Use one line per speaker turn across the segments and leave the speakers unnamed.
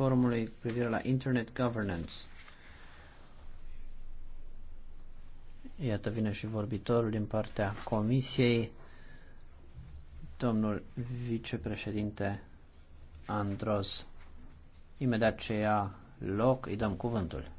forumului cu privire la Internet Governance. Iată vine și vorbitorul din partea Comisiei, domnul vicepreședinte Andros. Imediat ce ia loc, îi dăm cuvântul.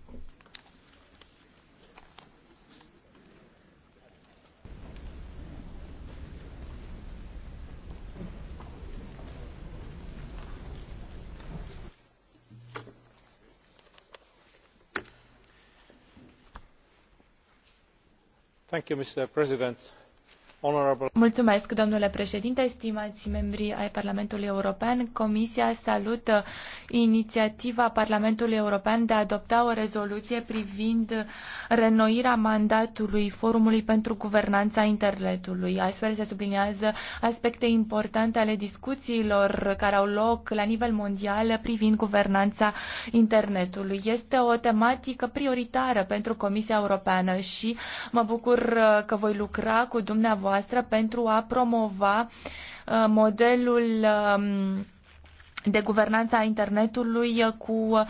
mr president
Mulțumesc, domnule președinte, stimați membri ai Parlamentului European. Comisia salută inițiativa Parlamentului European de a adopta o rezoluție privind renoirea mandatului Forumului pentru Guvernanța Internetului. Astfel se subliniază aspecte importante ale discuțiilor care au loc la nivel mondial privind guvernanța internetului. Este o tematică prioritară pentru Comisia Europeană și mă bucur că voi lucra cu dumneavoastră dumneavoastră pentru a promova uh, modelul um, de guvernanța internetului uh, cu uh,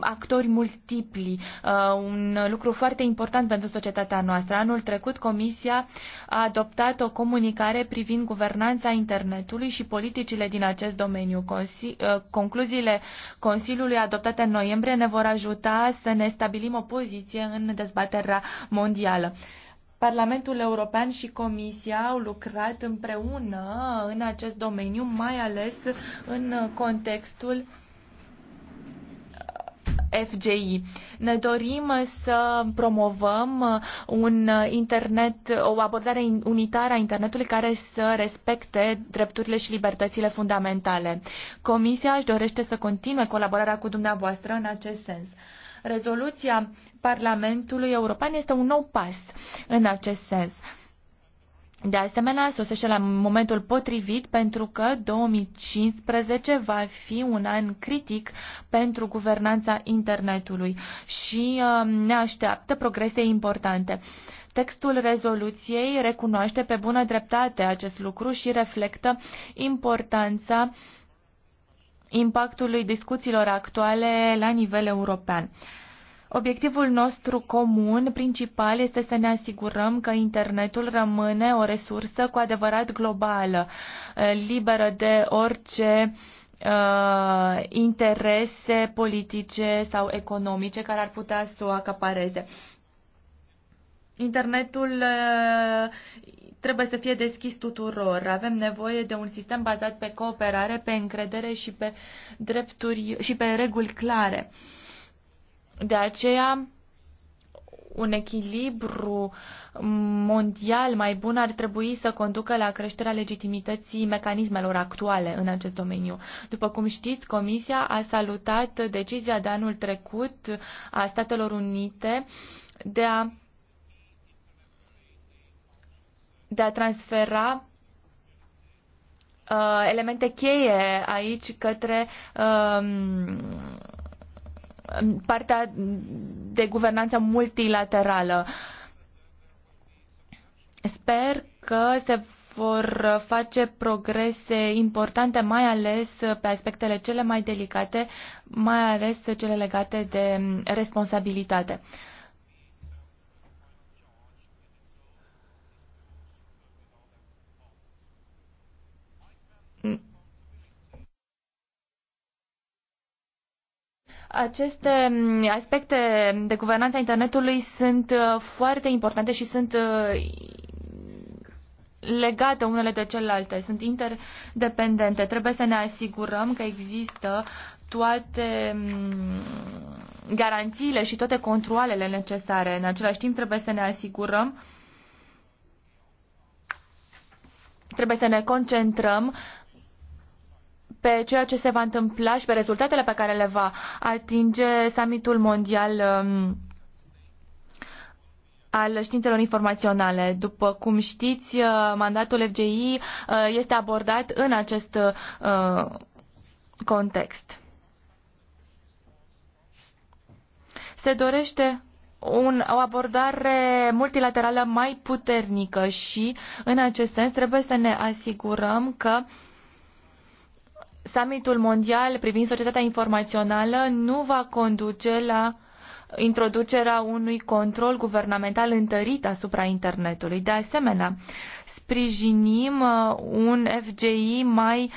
actori multipli, un lucru foarte important pentru societatea noastră. Anul trecut Comisia a adoptat o comunicare privind guvernanța internetului și politicile din acest domeniu. concluziile Consiliului adoptate în noiembrie ne vor ajuta să ne stabilim o poziție în dezbaterea mondială. Parlamentul European și Comisia au lucrat împreună în acest domeniu, mai ales în contextul uh, FGI. Ne dorim să promovăm un internet, o abordare unitară a internetului care să respecte drepturile și libertățile fundamentale. Comisia își dorește să continue colaborarea cu dumneavoastră în acest sens. Rezoluția Parlamentului European este un nou pas în acest sens. De asemenea, sosește la momentul potrivit pentru că 2015 va fi un an critic pentru guvernanța internetului și uh, ne așteaptă progrese importante. Textul rezoluției recunoaște pe bună dreptate acest lucru și reflectă importanța uh, impactului discuțiilor actuale la nivel european. Obiectivul nostru comun principal este să ne asigurăm că internetul rămâne o resursă cu adevărat globală, eh, liberă de orice uh, interese politice sau economice care ar putea să o acapareze. Internetul uh, trebuie să fie deschis tuturor. Avem nevoie de un sistem bazat pe cooperare, pe încredere și pe drepturi și pe reguli clare. De aceea, un echilibru mondial mai bun ar trebui să conducă la creșterea legitimității mecanismelor actuale în acest domeniu. După cum știți, Comisia a salutat decizia de anul trecut a Statelor Unite de a de a transfera uh, elemente cheie aici către um, partea de guvernanță multilaterală. Sper că se vor face progrese importante, mai ales pe aspectele cele mai delicate, mai ales cele legate de responsabilitate. Aceste mm, aspecte de guvernanță a internetului sunt uh, foarte importante și sunt uh, legate unele de celelalte, sunt interdependente. Trebuie să ne asigurăm că există toate mm, garanțiile și toate controalele necesare. În același timp trebuie să ne asigurăm trebuie să ne concentrăm pe ceea ce se va întâmpla și pe rezultatele pe care le va atinge summitul mondial um, al științelor informaționale. După cum știți, uh, mandatul FGI uh, este abordat în acest uh, context. Se dorește un, o abordare multilaterală mai puternică și, în acest sens, trebuie să ne asigurăm că uh, summitul mondial privind societatea informațională nu va conduce la introducerea unui control guvernamental întărit asupra internetului. De asemenea, sprijinim uh, un FGI mai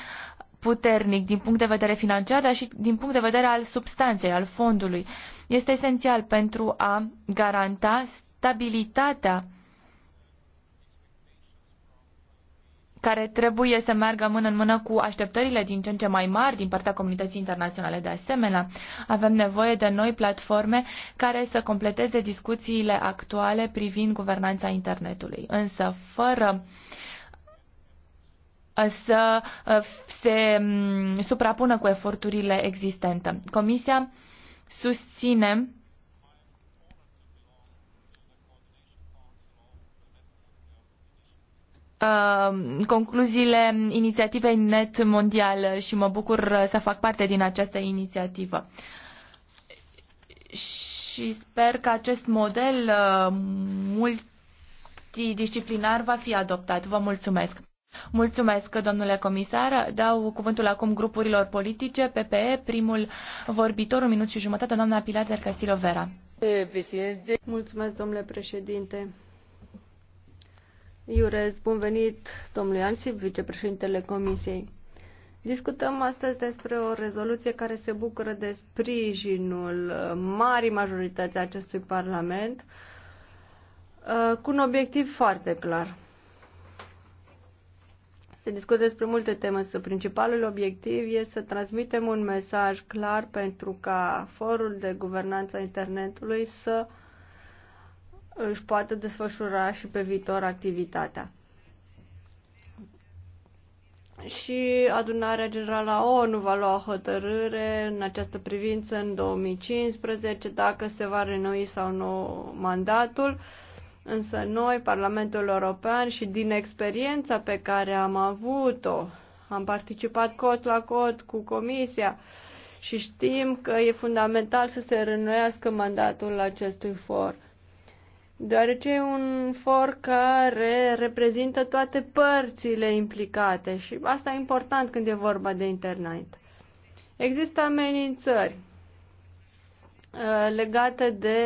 puternic din punct de vedere financiar, dar și din punct de vedere al substanței, al fondului. Este esențial pentru a garanta stabilitatea care trebuie să meargă mână în mână cu așteptările din ce în ce mai mari din partea comunității internaționale. De asemenea, avem nevoie de noi platforme care să completeze discuțiile actuale privind guvernanța internetului. Însă, fără uh, să uh, se mm, suprapună cu eforturile existente. Comisia susține Uh, concluziile inițiativei Net Mondial și mă bucur să fac parte din această inițiativă. Și sper că acest model uh, multidisciplinar va fi adoptat. Vă mulțumesc! Mulțumesc, domnule comisar. Dau cuvântul acum grupurilor politice. PPE, primul vorbitor, un minut și jumătate, doamna Pilar del Castillo Vera.
Mulțumesc, domnule președinte îi urez bun venit domnului Ansip, vicepreședintele Comisiei. Discutăm astăzi despre o rezoluție care se bucură de sprijinul marii majorități a acestui Parlament uh, cu un obiectiv foarte clar. Se discută despre multe teme, însă principalul obiectiv este să transmitem un mesaj clar pentru ca forul de guvernanță a internetului să uh, își poată desfășura și pe viitor activitatea. Și adunarea generală a ONU va lua o hotărâre în această privință în 2015 dacă se va renoi sau nu mandatul. Însă noi, Parlamentul European și din experiența pe care am avut-o, am participat cot la cot cu Comisia și știm că e fundamental să se renoiască mandatul acestui for deoarece e un for care reprezintă toate părțile implicate și asta e important când e vorba de internet. Există amenințări uh, legate de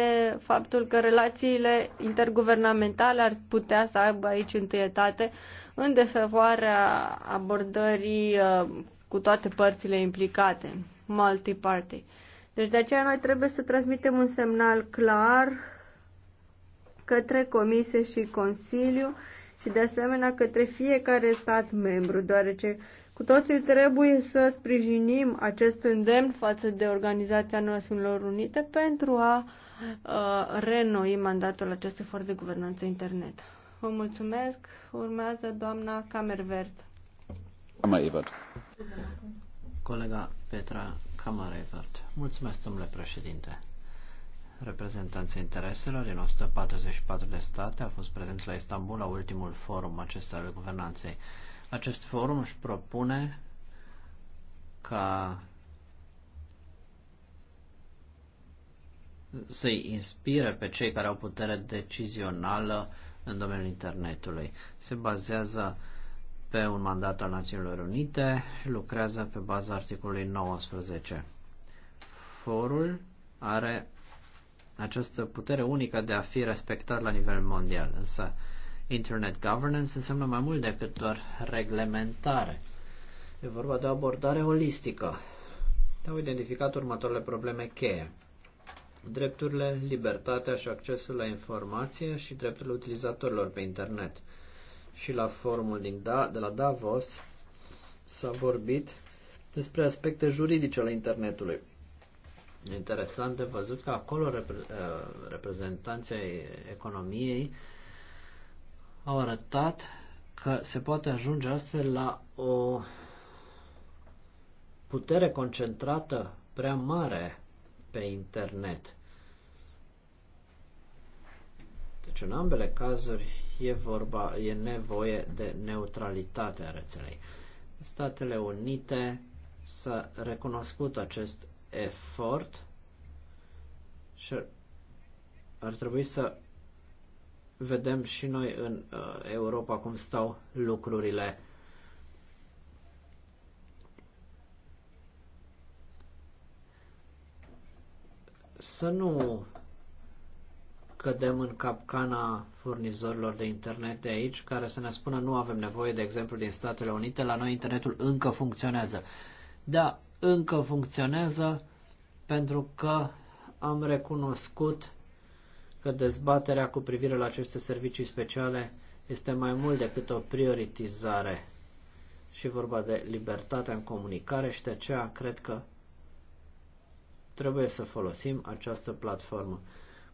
faptul că relațiile interguvernamentale ar putea să aibă aici întâietate în defavoarea abordării uh, cu toate părțile implicate, multiparty. Deci de aceea noi trebuie să transmitem un semnal clar către Comisie și Consiliu și de asemenea către fiecare stat membru, deoarece cu toții trebuie să sprijinim acest îndemn față de Organizația Națiunilor Unite pentru a uh, renoi mandatul acestui for de guvernanță internet. Vă mulțumesc. Urmează doamna Camervert.
Camervert.
Colega Petra Camervert. Mulțumesc, domnule președinte reprezentanții intereselor din 144 de state a fost prezent la Istanbul la ultimul forum acesta al guvernanței. Acest forum își propune ca să-i inspire pe cei care au putere decizională în domeniul internetului. Se bazează pe un mandat al Națiunilor Unite și lucrează pe baza articolului 19. Forul are această putere unică de a fi respectat la nivel mondial. Însă Internet Governance înseamnă mai mult decât doar reglementare. E vorba de o abordare holistică. Au identificat următoarele probleme cheie. Drepturile, libertatea și accesul la informație și drepturile utilizatorilor pe internet. Și la forumul din da- de la Davos s-a vorbit despre aspecte juridice ale internetului interesant de văzut că acolo repre, uh, reprezentanții economiei au arătat că se poate ajunge astfel la o putere concentrată prea mare pe internet. Deci în ambele cazuri e vorba, e nevoie de neutralitate a rețelei. Statele Unite s-a recunoscut acest efort și ar, ar trebui să vedem și noi în uh, Europa cum stau lucrurile. Să nu cădem în capcana furnizorilor de internet de aici, care să ne spună nu avem nevoie, de exemplu, din Statele Unite, la noi internetul încă funcționează. Da, încă funcționează pentru că am recunoscut că dezbaterea cu privire la aceste servicii speciale este mai mult decât o prioritizare și vorba de libertatea în comunicare și de aceea cred că trebuie să folosim această platformă.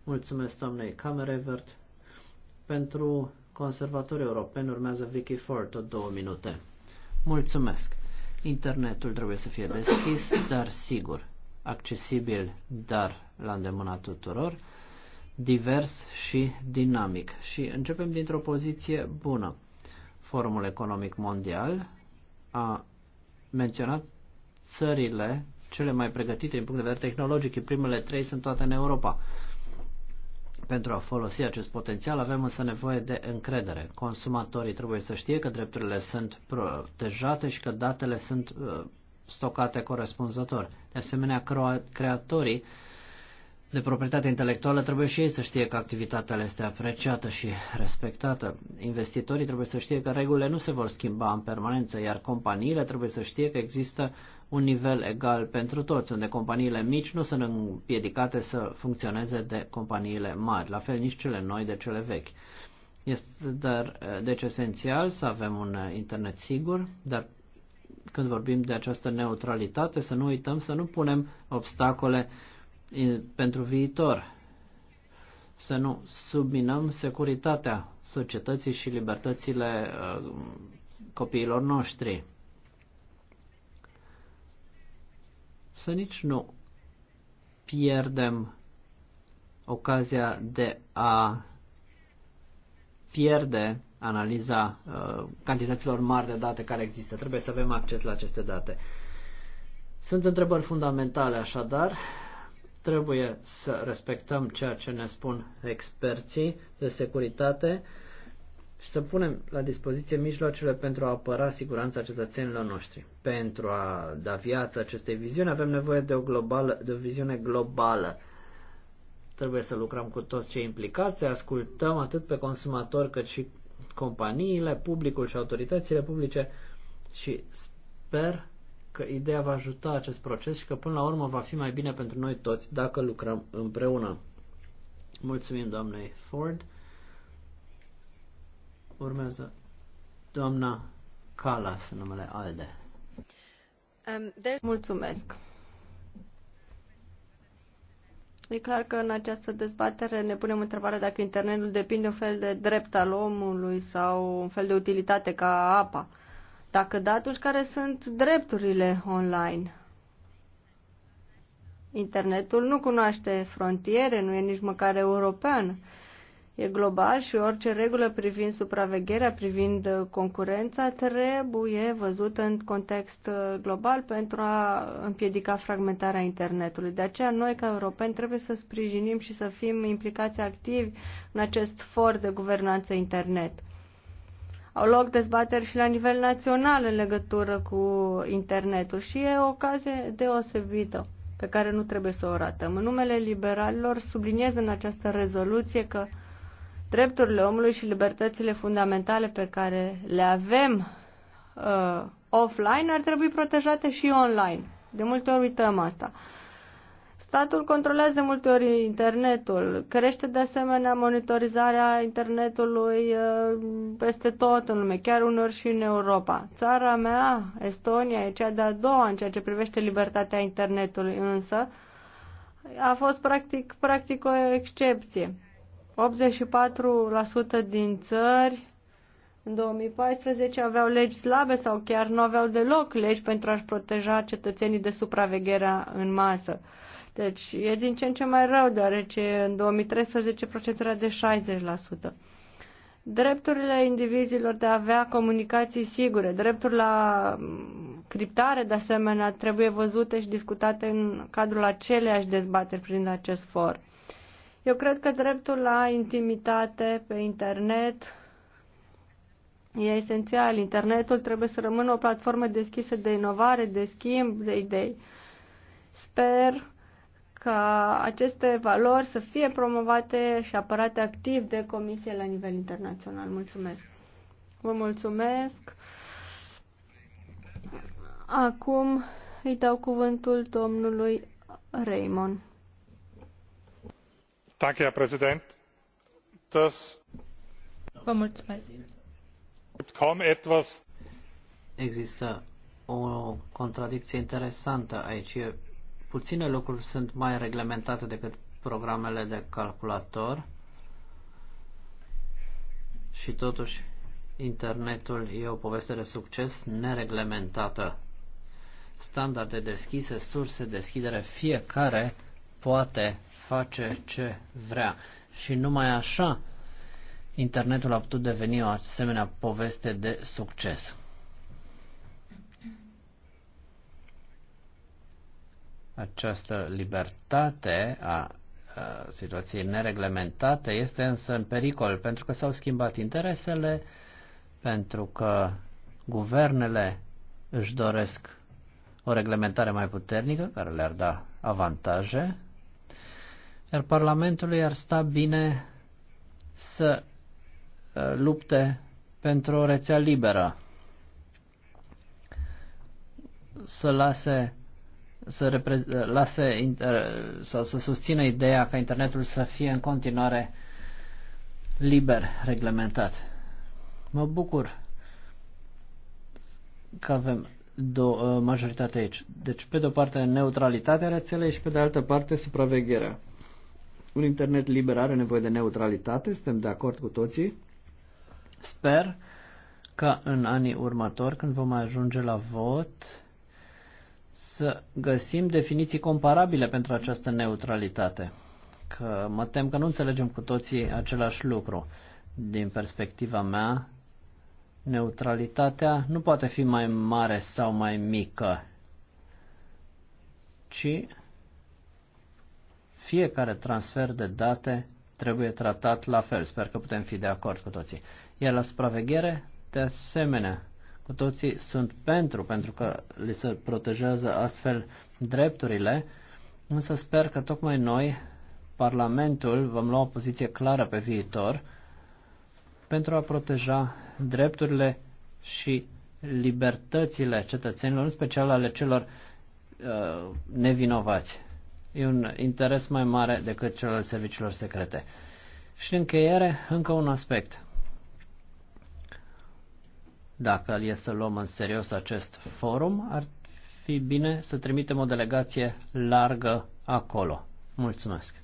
Mulțumesc doamnei Camerevert. Pentru conservatorii europeni urmează Vicky Ford, tot două minute. Mulțumesc! Internetul trebuie să fie deschis, dar sigur, accesibil, dar la îndemâna tuturor, divers și dinamic. Și începem dintr-o poziție bună. Forumul Economic Mondial a menționat țările cele mai pregătite din punct de vedere tehnologic. Primele trei sunt toate în Europa. Pentru a folosi acest potențial avem însă nevoie de încredere. Consumatorii trebuie să știe că drepturile sunt protejate și că datele sunt uh, stocate corespunzător. De asemenea, creatorii de proprietate intelectuală trebuie și ei să știe că activitatea este apreciată și respectată. Investitorii trebuie să știe că regulile nu se vor schimba în permanență, iar companiile trebuie să știe că există un nivel egal pentru toți, unde companiile mici nu sunt împiedicate să funcționeze de companiile mari, la fel nici cele noi de cele vechi. Este dar, deci esențial să avem un internet sigur, dar când vorbim de această neutralitate, să nu uităm să nu punem obstacole pentru viitor, să nu subminăm securitatea societății și libertățile uh, copiilor noștri. să nici nu pierdem ocazia de a pierde analiza uh, cantităților mari de date care există. Trebuie să avem acces la aceste date. Sunt întrebări fundamentale, așadar, trebuie să respectăm ceea ce ne spun experții de securitate și să punem la dispoziție mijloacele pentru a apăra siguranța cetățenilor noștri. Pentru a da viață acestei viziuni avem nevoie de o, globală, de o viziune globală. Trebuie să lucrăm cu toți cei implicați, să ascultăm atât pe consumatori cât și companiile, publicul și autoritățile publice și sper că ideea va ajuta acest proces și că până la urmă va fi mai bine pentru noi toți dacă lucrăm împreună. Mulțumim doamnei Ford. Urmează doamna Calas, numele ALDE.
Um, Mulțumesc. E clar că în această dezbatere ne punem întrebarea dacă internetul depinde un fel de drept al omului sau un fel de utilitate ca apa. Dacă da, atunci care sunt drepturile online? Internetul nu cunoaște frontiere, nu e nici măcar european e global și orice regulă privind supravegherea, privind uh, concurența, trebuie văzută în context uh, global pentru a împiedica fragmentarea internetului. De aceea, noi, ca europeni, trebuie să sprijinim și să fim implicați activi în acest for de guvernanță internet. Au loc dezbateri și la nivel național în legătură cu internetul și e o ocazie deosebită pe care nu trebuie să o ratăm. În numele liberalilor subliniez în această rezoluție că drepturile omului și libertățile fundamentale pe care le avem uh, offline ar trebui protejate și online. De multe ori uităm asta. Statul controlează de multe ori internetul, crește de asemenea monitorizarea internetului uh, peste tot în lume, chiar unor și în Europa. Țara mea, Estonia, e cea de-a doua în ceea ce privește libertatea internetului, însă a fost practic, practic o excepție. 84% din țări în 2014 aveau legi slabe sau chiar nu aveau deloc legi pentru a-și proteja cetățenii de supravegherea în masă. Deci e din ce în ce mai rău, deoarece în 2013 procentul era de 60%. Drepturile indivizilor de a avea comunicații sigure, dreptul la criptare, de asemenea, trebuie văzute și discutate în cadrul aceleași dezbateri prin acest for. Eu cred că dreptul la intimitate pe internet e esențial. Internetul trebuie să rămână o platformă deschisă de inovare, de schimb, de idei. Sper ca aceste valori să fie promovate și apărate activ de Comisie la nivel internațional. Mulțumesc! Vă mulțumesc! Acum îi dau cuvântul domnului Raymond
herr präsident!
există o contradicție interesantă aici. Puține lucruri sunt mai reglementate decât programele de calculator și totuși internetul e o poveste de succes nereglementată. Standarde deschise, surse, deschidere, fiecare poate face ce vrea. Și numai așa internetul a putut deveni o asemenea poveste de succes. Această libertate a situației nereglementate este însă în pericol pentru că s-au schimbat interesele, pentru că guvernele își doresc o reglementare mai puternică care le-ar da avantaje iar Parlamentului ar sta bine să uh, lupte pentru o rețea liberă, să lase să uh, lase inter, uh, sau să susțină ideea ca internetul să fie în continuare liber reglementat. Mă bucur că avem do- majoritate aici. Deci, pe de o parte, neutralitatea rețelei și pe de altă parte, supravegherea. Un internet liber are nevoie de neutralitate, suntem de acord cu toții. Sper ca în anii următori, când vom ajunge la vot, să găsim definiții comparabile pentru această neutralitate. Că mă tem că nu înțelegem cu toții același lucru. Din perspectiva mea, neutralitatea nu poate fi mai mare sau mai mică, ci fiecare transfer de date trebuie tratat la fel. Sper că putem fi de acord cu toții. Iar la supraveghere, de asemenea, cu toții sunt pentru, pentru că li se protejează astfel drepturile, însă sper că tocmai noi, Parlamentul, vom lua o poziție clară pe viitor pentru a proteja drepturile și libertățile cetățenilor, în special ale celor uh, nevinovați e un interes mai mare decât cel al serviciilor secrete. Și în încheiere, încă un aspect. Dacă e să luăm în serios acest forum, ar fi bine să trimitem o delegație largă
acolo. Mulțumesc.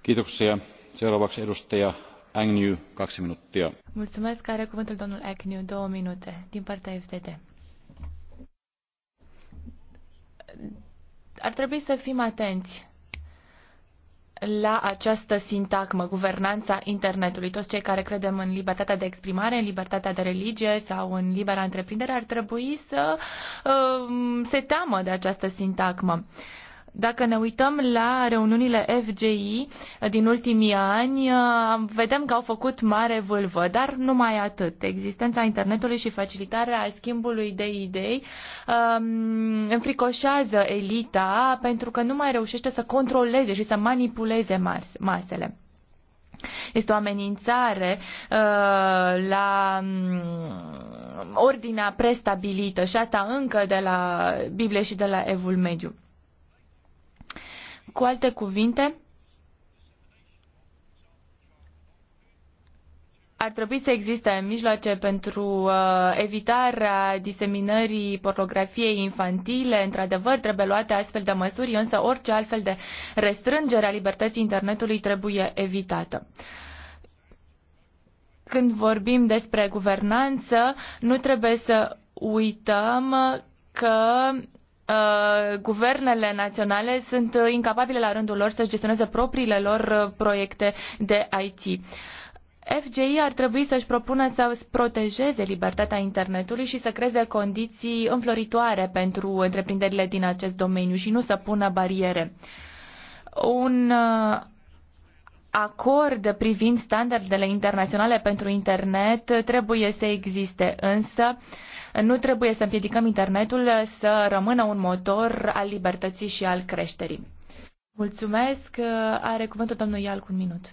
Kiitoksia. Seuraavaksi edustaja Agnew, kaksi minuuttia.
Mulțumesc, care cuvântul domnul Agnew, două minute, din partea FTT. Ar trebui să fim atenți la această sintagmă, guvernanța internetului. Toți cei care credem în libertatea de exprimare, în libertatea de religie sau în libera întreprindere ar trebui să uh, se teamă de această sintagmă. Uh, dacă ne uităm la reuniunile FGI uh, din ultimii ani, uh, vedem că au făcut mare vâlvă, dar numai atât. Existența internetului și facilitarea schimbului de idei um, înfricoșează elita pentru că nu mai reușește să controleze și să manipuleze masele. Este o amenințare uh, la um, ordinea prestabilită și asta încă de la Biblie și de la Evul Mediu. Cu alte cuvinte, ar trebui să existe mijloace pentru uh, evitarea diseminării pornografiei infantile. Într-adevăr, trebuie luate astfel de măsuri, însă orice altfel de restrângere a libertății internetului trebuie evitată. Când vorbim despre guvernanță, nu trebuie să uităm că Uh, guvernele naționale sunt uh, incapabile la rândul lor să gestioneze propriile lor uh, proiecte de IT. FGI ar trebui să-și propună să protejeze libertatea internetului și să creeze condiții înfloritoare pentru întreprinderile din acest domeniu și nu să pună bariere. Un acord privind standardele internaționale pentru internet trebuie să existe, însă uh, nu trebuie să împiedicăm internetul să rămână un motor al libertății și al creșterii. Mulțumesc. Are cuvântul domnul Ial cu un minut.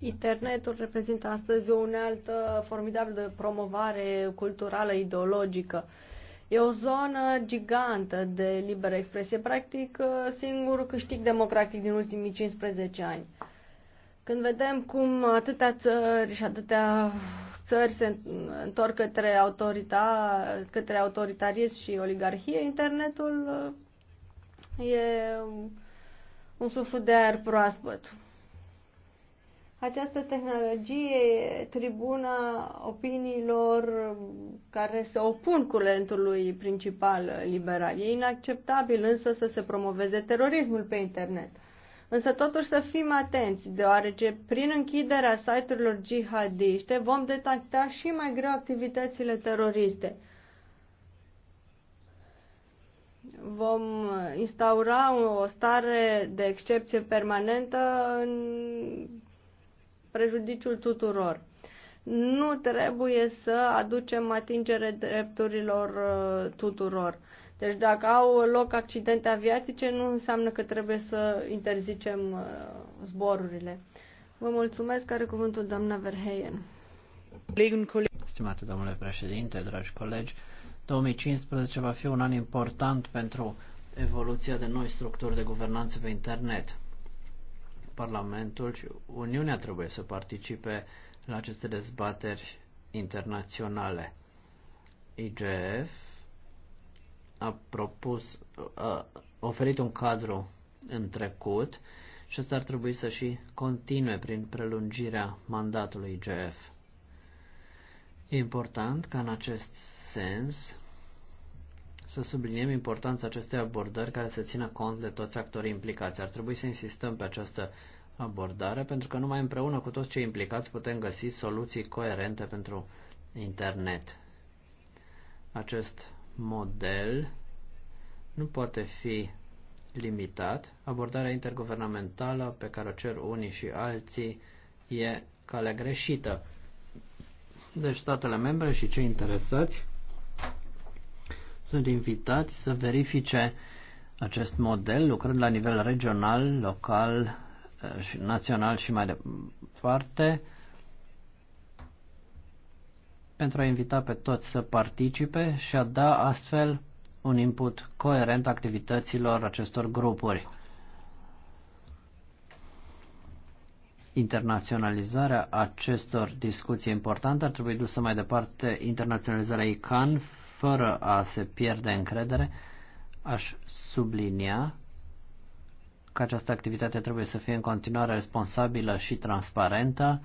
Internetul reprezintă astăzi o unealtă formidabilă de promovare culturală, ideologică. E o zonă gigantă de liberă expresie, practic singurul câștig democratic din ultimii 15 ani. Când vedem cum atâtea țări și atâtea țări se întorc către, autorita, către autoritarism și oligarhie, internetul uh, e un suflu de aer proaspăt. Această tehnologie e tribuna opiniilor care se opun curentului principal liberal. E inacceptabil însă să se promoveze terorismul pe internet. Însă totuși să fim atenți, deoarece prin închiderea site-urilor jihadiste vom detecta și mai greu activitățile teroriste. Vom instaura o stare de excepție permanentă în prejudiciul tuturor. Nu trebuie să aducem atingere drepturilor uh, tuturor. Deci dacă au loc accidente aviatice, nu înseamnă că trebuie să interzicem uh, zborurile. Vă mulțumesc, Care cuvântul doamna Verheyen.
Stimate domnule președinte, dragi colegi, 2015 va fi un an important pentru evoluția de noi structuri de guvernanță pe internet. Parlamentul și Uniunea trebuie să participe la aceste dezbateri internaționale. IGF a propus, a oferit un cadru în trecut și asta ar trebui să și continue prin prelungirea mandatului IGF. E important ca în acest sens să subliniem importanța acestei abordări care să țină cont de toți actorii implicați. Ar trebui să insistăm pe această abordare pentru că numai împreună cu toți cei implicați putem găsi soluții coerente pentru internet. Acest model nu poate fi limitat. Abordarea interguvernamentală pe care o cer unii și alții e calea greșită. Deci statele membre și cei interesați sunt invitați să verifice acest model lucrând la nivel regional, local, eh, național și mai departe pentru a invita pe toți să participe și a da astfel un input coerent activităților acestor grupuri. Internaționalizarea acestor discuții importante ar trebui dusă mai departe internaționalizarea ICAN fără a se pierde încredere. Aș sublinia că această activitate trebuie să fie în continuare responsabilă și transparentă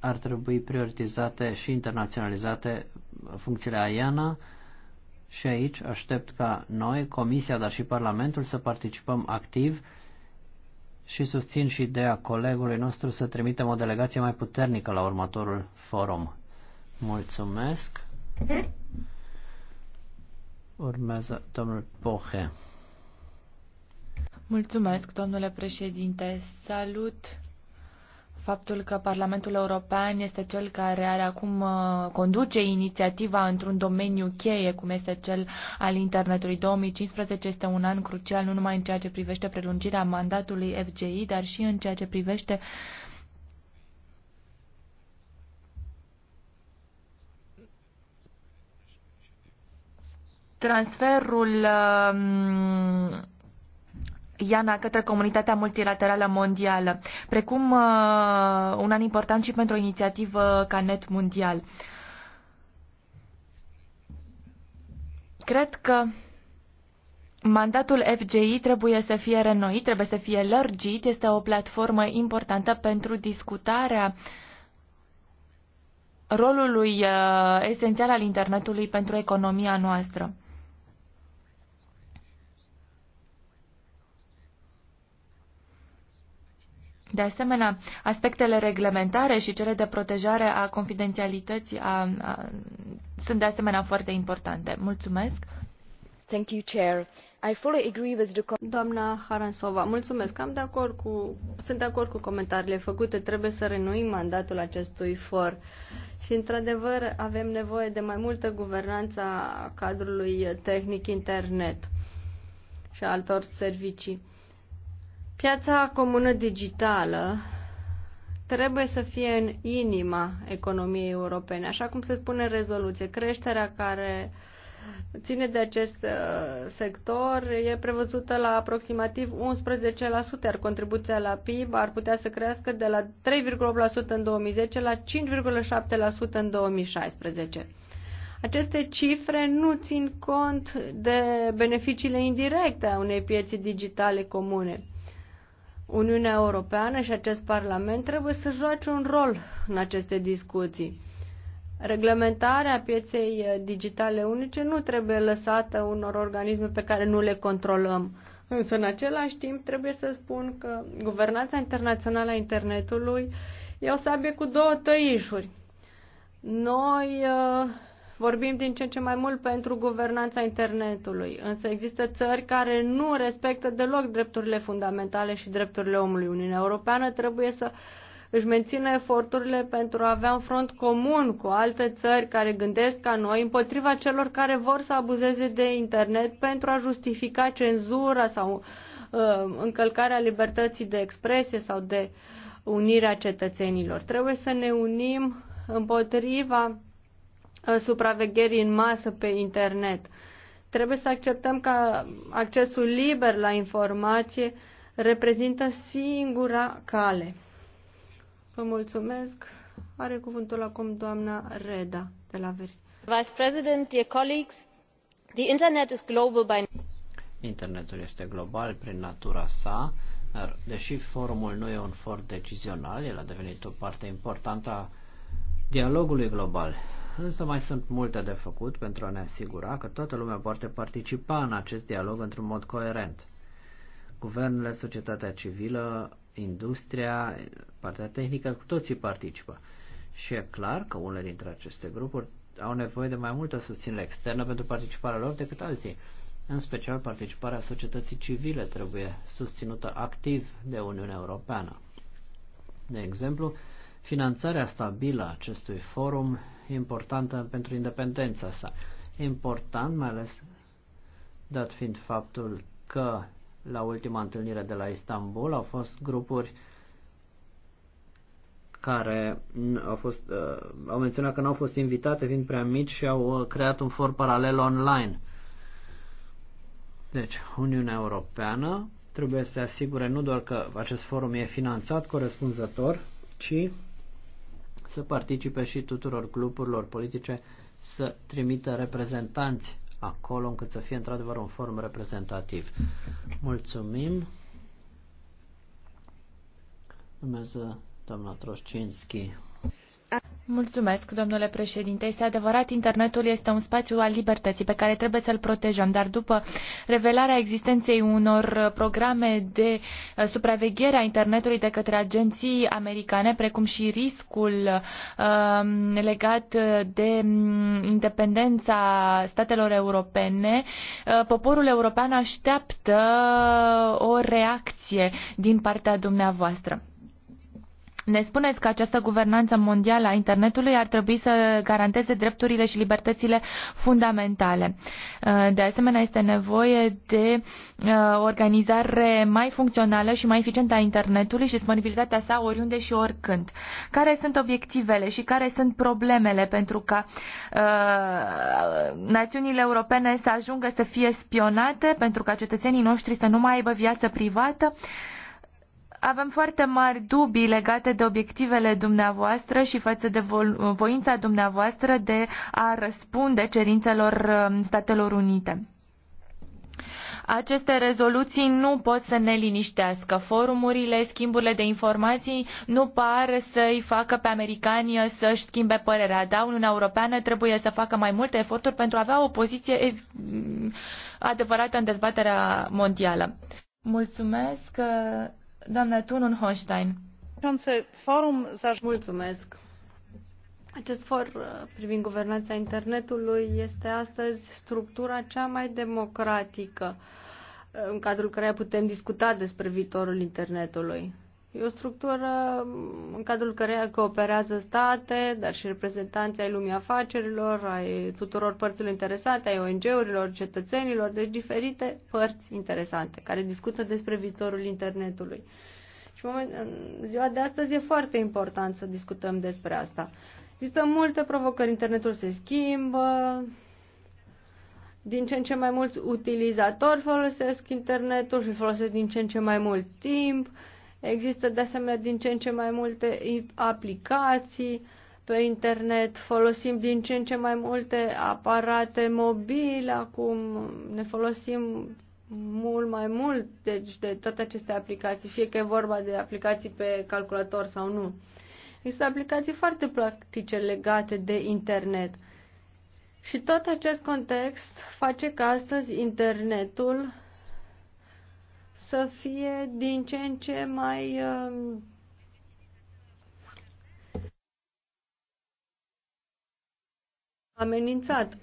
ar trebui prioritizate și internaționalizate funcțiile AIANA și aici aștept ca noi, Comisia, dar și Parlamentul să participăm activ și susțin și ideea colegului nostru să trimitem o delegație mai puternică la următorul forum. Mulțumesc. Urmează domnul Pohe.
Mulțumesc, domnule președinte. Salut faptul că Parlamentul European este cel care are acum uh, conduce inițiativa într-un domeniu cheie, cum este cel al internetului. 2015 este un an crucial nu numai în ceea ce privește prelungirea mandatului FGI, dar și în ceea ce privește transferul um, IANA către comunitatea multilaterală mondială, precum uh, un an important și pentru o inițiativă ca net mondial. Cred că Mandatul FGI trebuie să fie renoit, trebuie să fie lărgit, este o platformă importantă pentru discutarea rolului uh, esențial al internetului pentru economia noastră. De asemenea, aspectele reglementare și cele de protejare a confidențialității a, a, sunt de asemenea foarte importante. Mulțumesc! Thank you, Chair. I fully agree with the... Doamna Haransova, mulțumesc. Am de acord cu, sunt de acord cu comentariile
făcute. Trebuie să renuim mandatul acestui for. Și, într-adevăr, avem nevoie de mai multă guvernanță a cadrului tehnic internet și a altor servicii. Piața comună digitală trebuie să fie în inima economiei europene, așa cum se spune în rezoluție. Creșterea care ține de acest uh, sector e prevăzută la aproximativ 11%, iar contribuția la PIB ar putea să crească de la 3,8% în 2010 la 5,7% în 2016. Aceste cifre nu țin cont de beneficiile indirecte a unei piețe digitale comune. Uniunea Europeană și acest Parlament trebuie să joace un rol în aceste discuții. Reglementarea pieței eh, digitale unice nu trebuie lăsată unor organisme pe care nu le controlăm. Însă, în același timp, trebuie să spun că guvernanța internațională a internetului e o sabie cu două tăișuri. Noi uh, Vorbim din ce în ce mai mult pentru guvernanța internetului, însă există țări care nu respectă deloc drepturile fundamentale și drepturile omului. Uniunea Europeană trebuie să își mențină eforturile pentru a avea un front comun cu alte țări care gândesc ca noi împotriva celor care vor să abuzeze de internet pentru a justifica cenzura sau uh, încălcarea libertății de expresie sau de unirea cetățenilor. Trebuie să ne unim împotriva Uh, supravegherii în masă pe internet. Trebuie să acceptăm că accesul liber la informație reprezintă singura cale. Vă mulțumesc. Are cuvântul acum doamna Reda de la Vers.
Vice President, dear colleagues, the internet is global by
Internetul este global prin natura sa, dar deși forumul nu e un for decizional, el a devenit o parte importantă a dialogului global însă mai sunt multe de făcut pentru a ne asigura că toată lumea poate participa în acest dialog într-un mod coerent. Guvernele, societatea civilă, industria, partea tehnică, cu toții participă. Și e clar că unele dintre aceste grupuri au nevoie de mai multă susținere externă pentru participarea lor decât alții. În special, participarea societății civile trebuie susținută activ de Uniunea Europeană. De exemplu, finanțarea stabilă a acestui forum importantă pentru independența sa. Important mai ales dat fiind faptul că la ultima întâlnire de la Istanbul au fost grupuri care au, fost, uh, au menționat că nu au fost invitate, fiind prea mici și au uh, creat un for paralel online. Deci, Uniunea Europeană trebuie să se asigure nu doar că acest forum e finanțat corespunzător, ci să participe și tuturor cluburilor politice să trimită reprezentanți acolo încât să fie într-adevăr un forum reprezentativ. Mulțumim. Numează doamna Troșcinski.
Mulțumesc, domnule președinte. Este adevărat, internetul este un spațiu al libertății pe care trebuie să-l protejăm, dar după revelarea existenței unor programe de uh, supraveghere a internetului de către agenții americane, precum și riscul um, legat de mm, independența statelor europene, uh, poporul european așteaptă o reacție din partea dumneavoastră. Ne spuneți că această guvernanță mondială a internetului ar trebui să garanteze drepturile și libertățile fundamentale. Uh, de asemenea, este nevoie de uh, organizare mai funcțională și mai eficientă a internetului și disponibilitatea sa oriunde și oricând. Care sunt obiectivele și care sunt problemele pentru ca uh, națiunile europene să ajungă să fie spionate, pentru ca cetățenii noștri să nu mai aibă viață privată? avem foarte mari dubii legate de obiectivele dumneavoastră și față de voința dumneavoastră de a răspunde cerințelor um, Statelor Unite. Aceste rezoluții nu pot să ne liniștească. Forumurile, schimburile de informații nu par să-i facă pe americani să-și schimbe părerea. Da, Uniunea Europeană trebuie să facă mai multe eforturi pentru a avea o poziție adevărată în dezbaterea mondială. Mulțumesc. Uh, Doamna Tunun Hohenstein.
Mulțumesc. Acest for uh,
privind guvernanța
internetului este astăzi structura cea mai democratică uh, în cadrul căreia putem discuta despre viitorul internetului. E o structură mm, în cadrul căreia cooperează state, dar și reprezentanții ai lumii afacerilor, ai tuturor părților interesate, ai ONG-urilor, cetățenilor, deci diferite părți interesante care discută despre viitorul internetului. Și moment, în ziua de astăzi e foarte important să discutăm despre asta. Există multe provocări, internetul se schimbă, din ce în ce mai mulți utilizatori folosesc internetul și folosesc din ce în ce mai mult timp. Există de asemenea din ce în ce mai multe aplicații pe internet, folosim din ce în ce mai multe aparate mobile, acum ne folosim mult mai mult deci, de toate aceste aplicații, fie că e vorba de aplicații pe calculator sau nu. Există aplicații foarte practice legate de internet. Și tot acest context face ca astăzi internetul să fie din ce în ce mai uh, amenințat.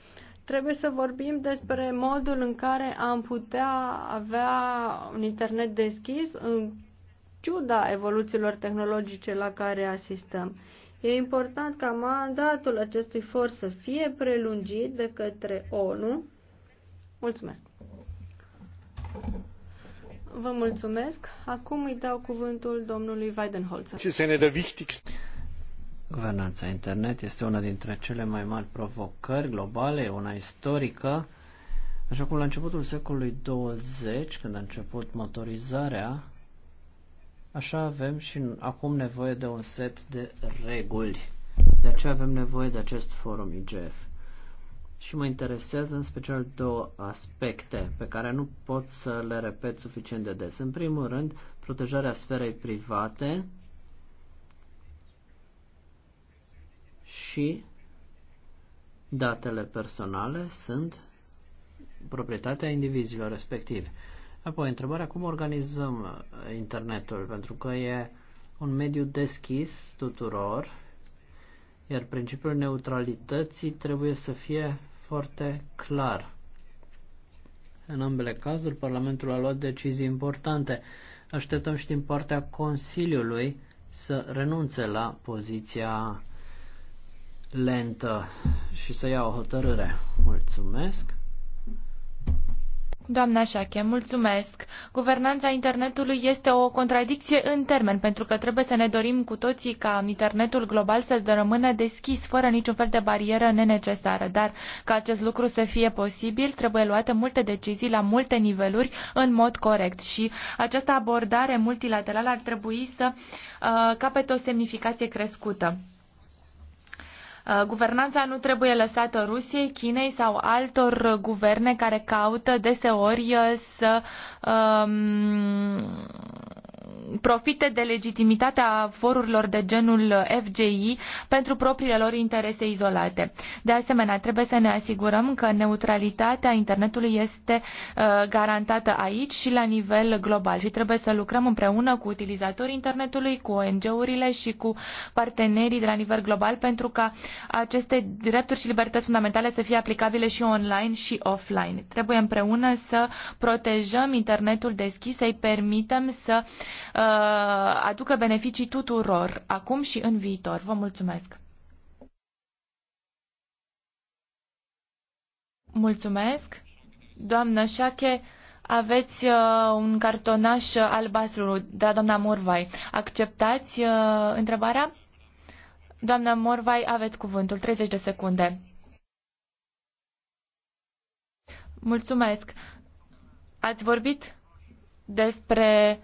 Trebuie să vorbim despre modul în care am putea avea un internet deschis în ciuda evoluțiilor tehnologice la care asistăm. E important ca mandatul acestui for să fie prelungit de către ONU. Mulțumesc! Vă mulțumesc. Acum îi dau cuvântul domnului Weidenholzer.
Guvernanța internet este una dintre cele mai mari provocări globale, una istorică. Așa cum la începutul secolului 20, când a început motorizarea, așa avem și acum nevoie de un set de reguli. De aceea avem nevoie de acest forum IGF și mă interesează în special două aspecte pe care nu pot să le repet suficient de des. În primul rând, protejarea sferei private și datele personale sunt proprietatea indivizilor respective. Apoi, întrebarea cum organizăm internetul, pentru că e un mediu deschis tuturor, iar principiul neutralității trebuie să fie foarte clar. În ambele cazuri, Parlamentul a luat decizii importante. Așteptăm și din partea Consiliului să renunțe la poziția lentă și să ia o hotărâre. Mulțumesc.
Doamna Șache, mulțumesc. Guvernanța internetului este o contradicție în termen, pentru că trebuie să ne dorim cu toții ca internetul global să rămână deschis, fără niciun fel de barieră nenecesară. Dar ca acest lucru să fie posibil, trebuie luate multe decizii la multe niveluri în mod corect. Și această abordare multilaterală ar trebui să uh, capete o semnificație crescută. Uh, guvernanța nu trebuie lăsată Rusiei, Chinei sau altor guverne care caută deseori uh, să um, profite de legitimitatea forurilor de genul FGI pentru propriile lor interese izolate. De asemenea, trebuie să ne asigurăm că neutralitatea internetului este uh, garantată aici și la nivel global și trebuie să lucrăm împreună cu utilizatorii internetului, cu ONG-urile și cu partenerii de la nivel global pentru ca aceste drepturi și libertăți fundamentale să fie aplicabile și online și offline. Trebuie împreună să protejăm internetul deschis, să-i permitem să uh, Uh, aducă beneficii tuturor, acum și în viitor. Vă mulțumesc! Mulțumesc! Doamnă Șache, aveți uh, un cartonaș albastru de la doamna Morvai. Acceptați uh, întrebarea? Doamna Morvai, aveți cuvântul, 30 de secunde. Mulțumesc. Ați vorbit despre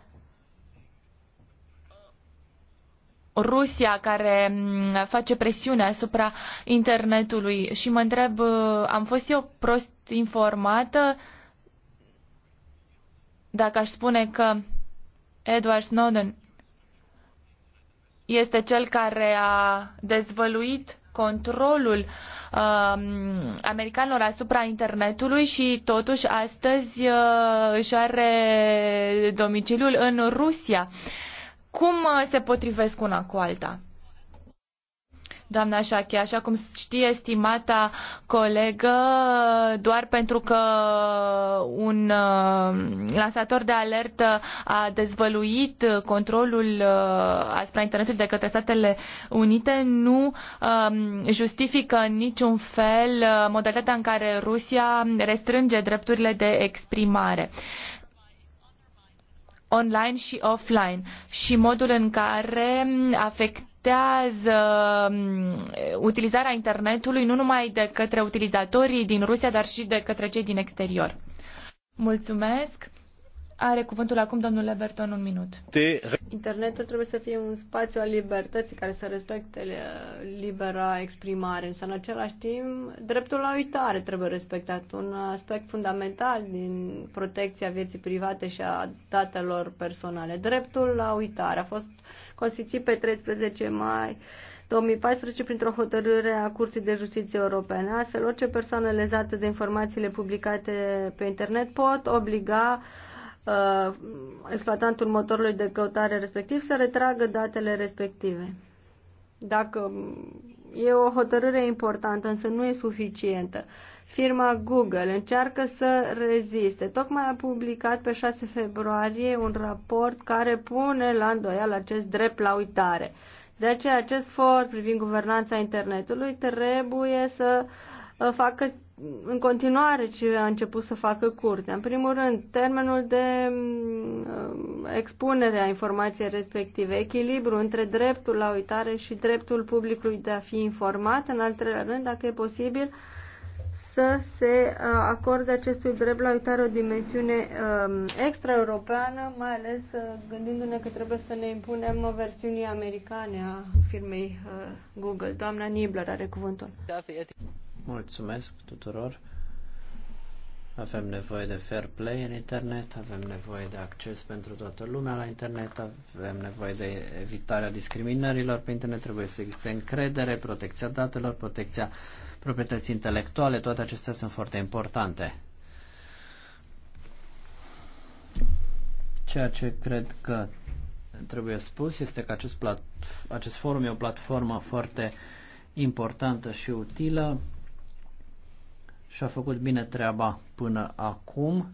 Rusia care mm, face presiune asupra internetului și mă întreb, uh, am fost eu prost informată dacă aș spune că Edward Snowden este cel care a dezvăluit controlul uh, americanilor asupra internetului și totuși astăzi uh, își are domiciliul în Rusia. Uh, cum uh, se potrivesc una cu alta? Doamna Șache, așa cum știe stimata colegă, doar pentru că un uh, lansator de alertă a dezvăluit controlul uh, asupra internetului de către Statele Unite, nu um, justifică în niciun fel modalitatea în care Rusia restrânge drepturile de exprimare online și offline și modul în care afectează mm, utilizarea internetului nu numai de către utilizatorii din Rusia, dar și de către cei din exterior. Mulțumesc! Are cuvântul acum domnule Berton un minut. Internetul
trebuie să fie un spațiu al libertății care să respecte uh, libera exprimare, însă în același timp dreptul la uitare trebuie respectat, un aspect fundamental din protecția vieții private și a datelor personale. Dreptul la uitare a fost consfințit pe 13 mai 2014 printr-o hotărâre a Curții de Justiție Europene. Astfel, orice persoană lezată de informațiile publicate pe internet pot obliga uh, uh, exploatantul motorului de căutare respectiv să retragă datele respective. Dacă e o hotărâre importantă, însă nu e suficientă. Firma Google încearcă să reziste. Tocmai a publicat pe 6 februarie un raport care pune la îndoială acest drept la uitare. De aceea acest for privind guvernanța internetului trebuie să uh, facă în continuare ce a început să facă curtea. În primul rând, termenul de mm, uh, expunere a informației respective, echilibru între dreptul la uitare și dreptul publicului de a fi informat, în al treilea rând, dacă e posibil, să se uh, acorde acestui drept la uitare o dimensiune um, extraeuropeană, mai ales uh, gândindu-ne că trebuie să ne impunem versiunii americane a firmei Google. Doamna Nibler are cuvântul.
Mulțumesc tuturor. Avem nevoie de fair play în internet, avem nevoie de acces pentru toată lumea la internet, avem nevoie de evitarea discriminărilor pe internet, trebuie să existe încredere, protecția datelor, protecția proprietății intelectuale, toate acestea sunt foarte importante. Ceea ce cred că trebuie spus este că acest, plat, acest forum e o platformă foarte importantă și utilă și a făcut bine treaba până acum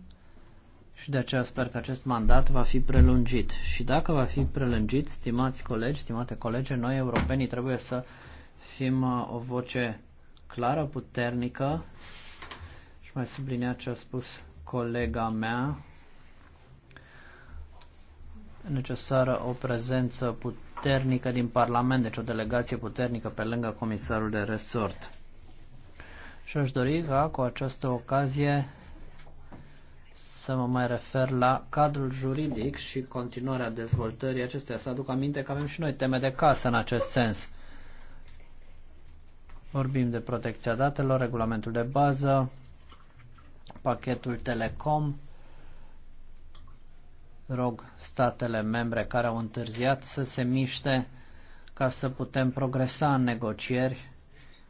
și de aceea sper că acest mandat va fi prelungit. Și dacă va fi prelungit, stimați colegi, stimate colege, noi europenii trebuie să fim uh, o voce clară, puternică și mai sublinea ce a spus colega mea, necesară o prezență puternică din Parlament, deci o delegație puternică pe lângă comisarul de resort. Și aș dori ca cu această ocazie să mă mai refer la cadrul juridic și continuarea dezvoltării acesteia. Să aduc aminte că avem și noi teme de casă în acest sens. Vorbim de protecția datelor, regulamentul de bază, pachetul Telecom. Rog statele membre care au întârziat să se miște ca să putem progresa în negocieri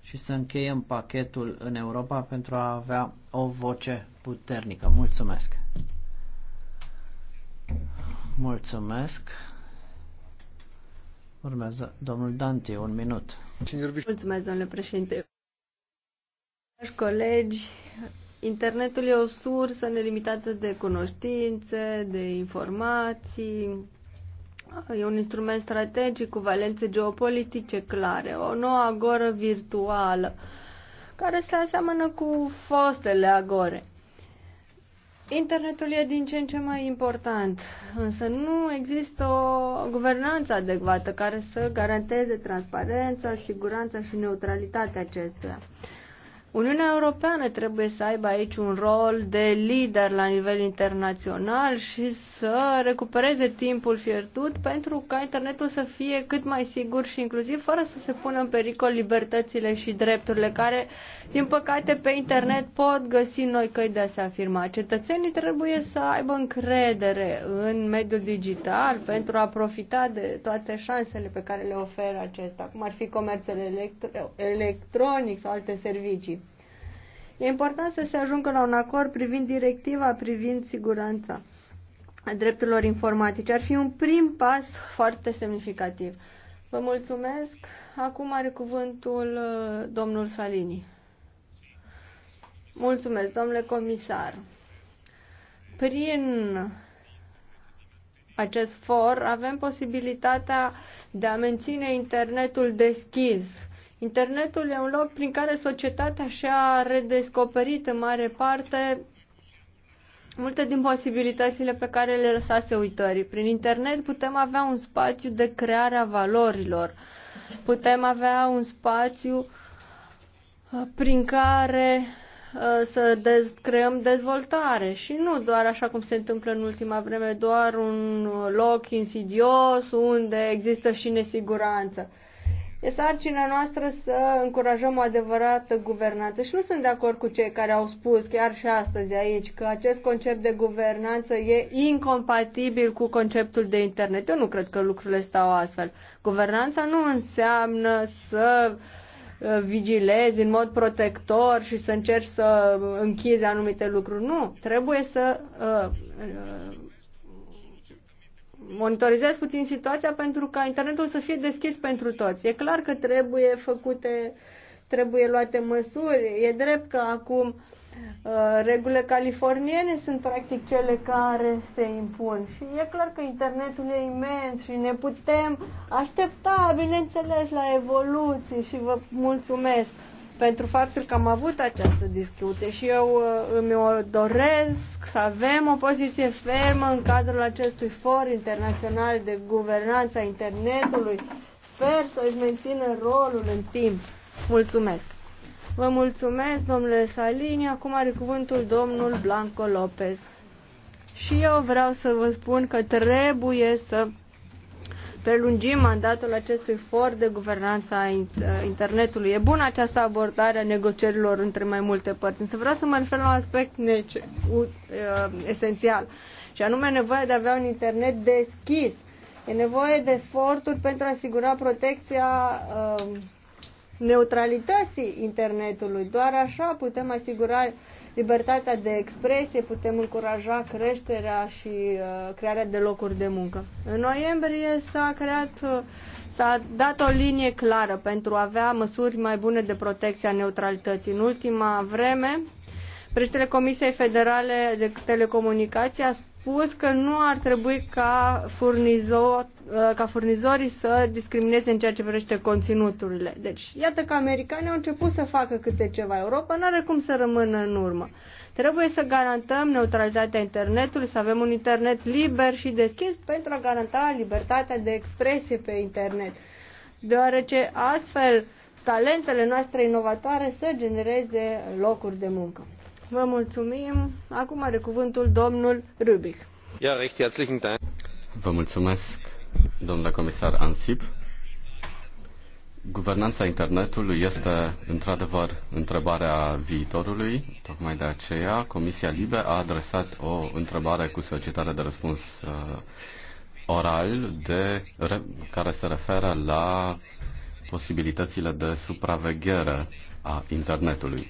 și să încheiem pachetul în Europa pentru a avea o voce puternică. Mulțumesc! Mulțumesc! Urmează domnul Dante, un minut.
Mulțumesc, domnule președinte. Dragi colegi, internetul e o sursă nelimitată de cunoștințe, de informații, E un instrument strategic cu valențe geopolitice clare, o nouă agoră virtuală care se aseamănă cu fostele agore. Internetul e din ce în ce mai important, însă nu există o guvernanță adecvată care să garanteze transparența, siguranța și neutralitatea acestuia. Uniunea Europeană trebuie să aibă aici un rol de lider la nivel internațional și să recupereze timpul fiertut pentru ca internetul să fie cât mai sigur și inclusiv fără să se pună în pericol libertățile și drepturile care, din păcate, pe internet pot găsi noi căi de a se afirma. Cetățenii trebuie să aibă încredere în mediul digital pentru a profita de toate șansele pe care le oferă acesta, cum ar fi comerțele electro- electronic sau alte servicii. E important să se ajungă la un acord privind directiva privind siguranța drepturilor informatice. Ar fi un prim pas foarte semnificativ. Vă mulțumesc. Acum are cuvântul uh, domnul Salini. Mulțumesc, domnule comisar. Prin acest for avem posibilitatea de a menține internetul deschis Internetul e un loc prin care societatea și-a redescoperit în mare parte multe din posibilitățile pe care le lăsase uitării. Prin internet putem avea un spațiu de creare a valorilor, putem avea un spațiu uh, prin care uh, să dez- creăm dezvoltare și nu doar așa cum se întâmplă în ultima vreme, doar un loc insidios unde există și nesiguranță. E sarcina noastră să încurajăm o adevărată guvernanță și nu sunt de acord cu cei care au spus chiar și astăzi aici că acest concept de guvernanță e incompatibil cu conceptul de internet. Eu nu cred că lucrurile stau astfel. Guvernanța nu înseamnă să uh, vigilezi în mod protector și să încerci să închizi anumite lucruri. Nu, trebuie să uh, uh, monitorizez puțin situația pentru ca internetul să fie deschis pentru toți. E clar că trebuie făcute, trebuie luate măsuri. E drept că acum uh, regulile californiene sunt practic cele care se impun. Și e clar că internetul e imens și ne putem aștepta, bineînțeles, la evoluții și vă mulțumesc pentru faptul că am avut această discuție și eu uh, îmi o doresc să avem o poziție fermă în cadrul acestui for internațional de guvernanță a internetului. Sper să-și mențină rolul în timp. Mulțumesc! Vă mulțumesc, domnule Salini. Acum are cuvântul domnul Blanco Lopez. Și eu vreau să vă spun că trebuie să prelungim mandatul acestui for de guvernanță a internetului. E bună această abordare a negocierilor între mai multe părți, însă vreau să mă refer la un aspect nece, u, uh, esențial, și anume nevoia de a avea un internet deschis. E nevoie de eforturi pentru a asigura protecția uh, neutralității internetului. Doar așa putem asigura libertatea de expresie, putem încuraja creșterea și uh, crearea de locuri de muncă. În noiembrie s-a creat, uh, s-a dat o linie clară pentru a avea măsuri mai bune de protecție a neutralității. În ultima vreme, președintele Comisiei Federale de Telecomunicații a spus că nu ar trebui ca, furnizor, uh, ca furnizorii să discrimineze în ceea ce privește conținuturile. Deci, iată că americanii au început să facă câte ceva. Europa nu are cum să rămână în urmă. Trebuie să garantăm neutralitatea internetului, să avem un internet liber și deschis pentru a garanta libertatea de expresie pe internet. Deoarece astfel talentele noastre inovatoare să genereze locuri de muncă. Vă mulțumim. Acum are cuvântul domnul Rubic.
Ja, recht herzlichen Dank.
Vă mulțumesc, domnule comisar Ansip. Guvernanța internetului este într-adevăr întrebarea viitorului. Tocmai de aceea, Comisia Libe a adresat o întrebare cu solicitare de răspuns uh, oral de, re, care se referă la posibilitățile de supraveghere a internetului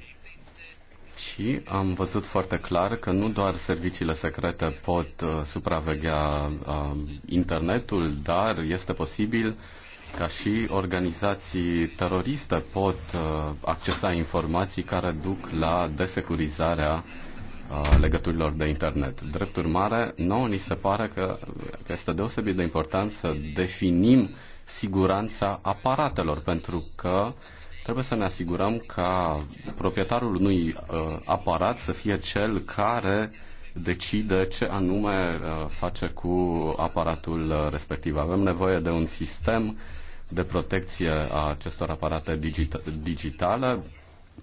și am văzut foarte clar că nu doar serviciile secrete pot uh, supraveghea uh, internetul, dar este posibil ca și organizații teroriste pot uh, accesa informații care duc la desecurizarea legăturilor de internet. Drept urmare, nouă ni se pare că, că este deosebit de important să definim siguranța aparatelor, pentru că uh, Trebuie să ne asigurăm ca proprietarul unui uh, aparat să fie cel care decide ce anume uh, face cu aparatul uh, respectiv. Avem nevoie de un sistem de protecție a acestor aparate digita- digitale.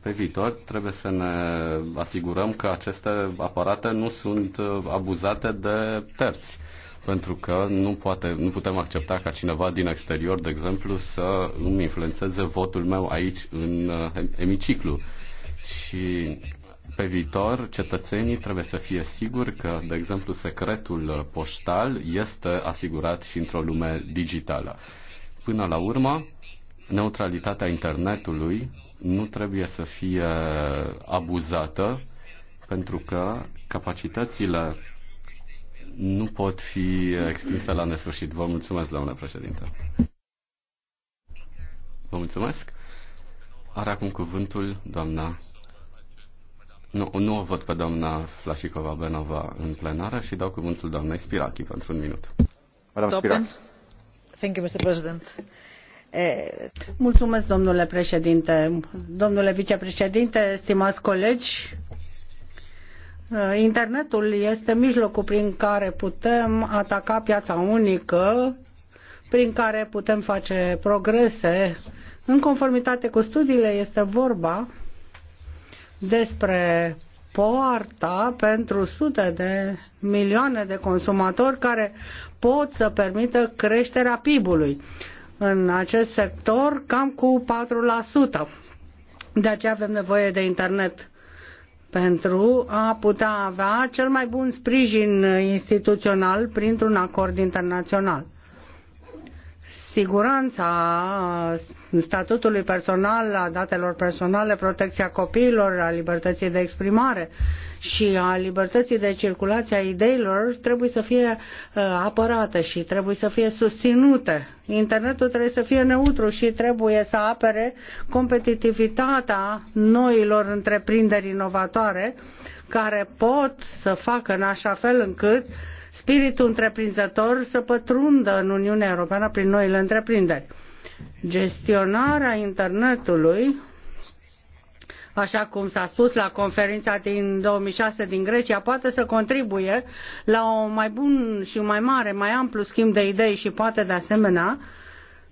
Pe viitor trebuie să ne asigurăm că aceste aparate nu sunt uh, abuzate de terți pentru că nu, poate, nu putem accepta ca cineva din exterior, de exemplu, să îmi influențeze votul meu aici în uh, emiciclu. Și pe viitor, cetățenii trebuie să fie siguri că, de exemplu, secretul poștal este asigurat și într-o lume digitală. Până la urmă, neutralitatea internetului nu trebuie să fie abuzată pentru că capacitățile nu pot fi extinsă la nesfârșit. Vă mulțumesc, doamnă președinte. Vă mulțumesc. Are acum cuvântul doamna... Nu, nu o văd pe doamna Flașicova Benova în plenară și dau cuvântul doamnei Spiraki pentru un minut.
Thank you, Mr. President.
Eh, mulțumesc, domnule președinte, domnule vicepreședinte, stimați colegi. Uh, internetul este mijlocul prin care putem ataca piața unică, prin care putem face progrese. În conformitate cu studiile este vorba despre poarta pentru sute de milioane de consumatori care pot să permită creșterea PIB-ului în acest sector cam cu 4%. De aceea avem nevoie de internet pentru a putea avea cel mai bun sprijin instituțional printr-un acord internațional. Siguranța statutului personal, a datelor personale, protecția copiilor, a libertății de exprimare și a libertății de circulație a ideilor trebuie să fie uh, apărată și trebuie să fie susținută. Internetul trebuie să fie neutru și trebuie să apere competitivitatea noilor întreprinderi inovatoare care pot să facă în așa fel încât spiritul întreprinzător să pătrundă în Uniunea Europeană prin noile întreprinderi. Gestionarea internetului așa cum s-a spus la conferința din 2006 din Grecia, poate să contribuie la o mai bun și mai mare, mai amplu schimb de idei și poate de asemenea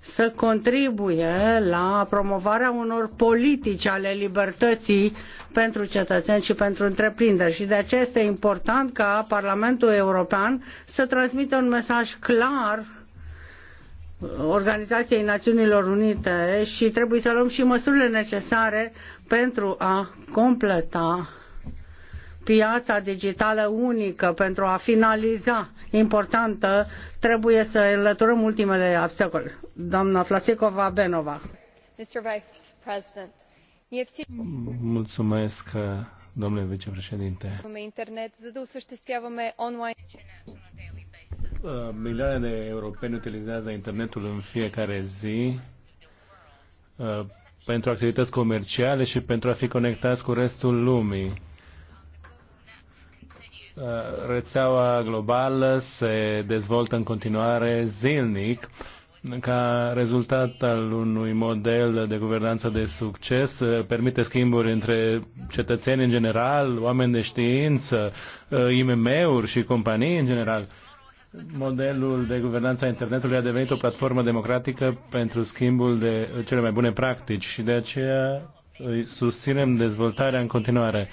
să contribuie la promovarea unor politici ale libertății pentru cetățeni și pentru întreprinderi. Și de aceea este important ca Parlamentul European să transmită un mesaj clar Organizației Națiunilor Unite și trebuie să luăm și măsurile necesare pentru a completa piața digitală unică, pentru a finaliza importantă, trebuie să înlăturăm ultimele obstacole. Doamna Flasicova Benova.
Mulțumesc, domnule vicepreședinte.
Internet, online
uh, milioane de europeni utilizează internetul în fiecare zi uh, pentru activități comerciale și pentru a fi conectați cu restul lumii. Uh, rețeaua globală se dezvoltă în continuare zilnic ca rezultat al unui model de guvernanță de succes, uh, permite schimburi între cetățeni în general, oameni de știință, uh, IMM-uri și companii în general modelul de guvernanță a internetului a devenit o platformă democratică pentru schimbul de cele mai bune practici și de aceea susținem dezvoltarea în continuare.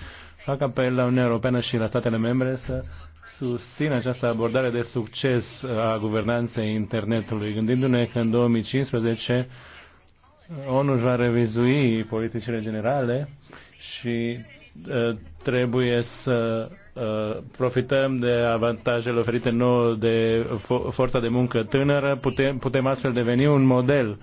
Fac apel la Uniunea Europeană și la statele membre să susțină această abordare de succes a guvernanței internetului, gândindu-ne că în 2015 ONU își va revizui politicile generale și Eh, trebuie să eh, profităm de avantajele oferite nouă de forța de muncă tânără, putem, putem astfel deveni un model.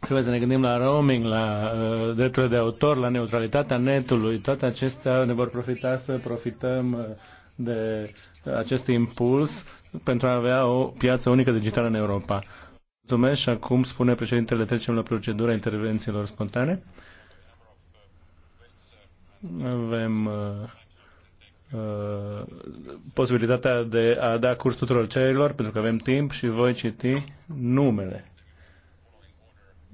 Trebuie să ne gândim la roaming, la uh, drepturile de autor, la neutralitatea netului. Toate acestea ne vor profita să profităm de acest impuls pentru a avea o piață unică digitală în Europa. Mulțumesc și acum, spune președintele, trecem la procedura intervențiilor spontane avem uh, uh, posibilitatea de a da curs tuturor cererilor, pentru că avem timp și voi citi numele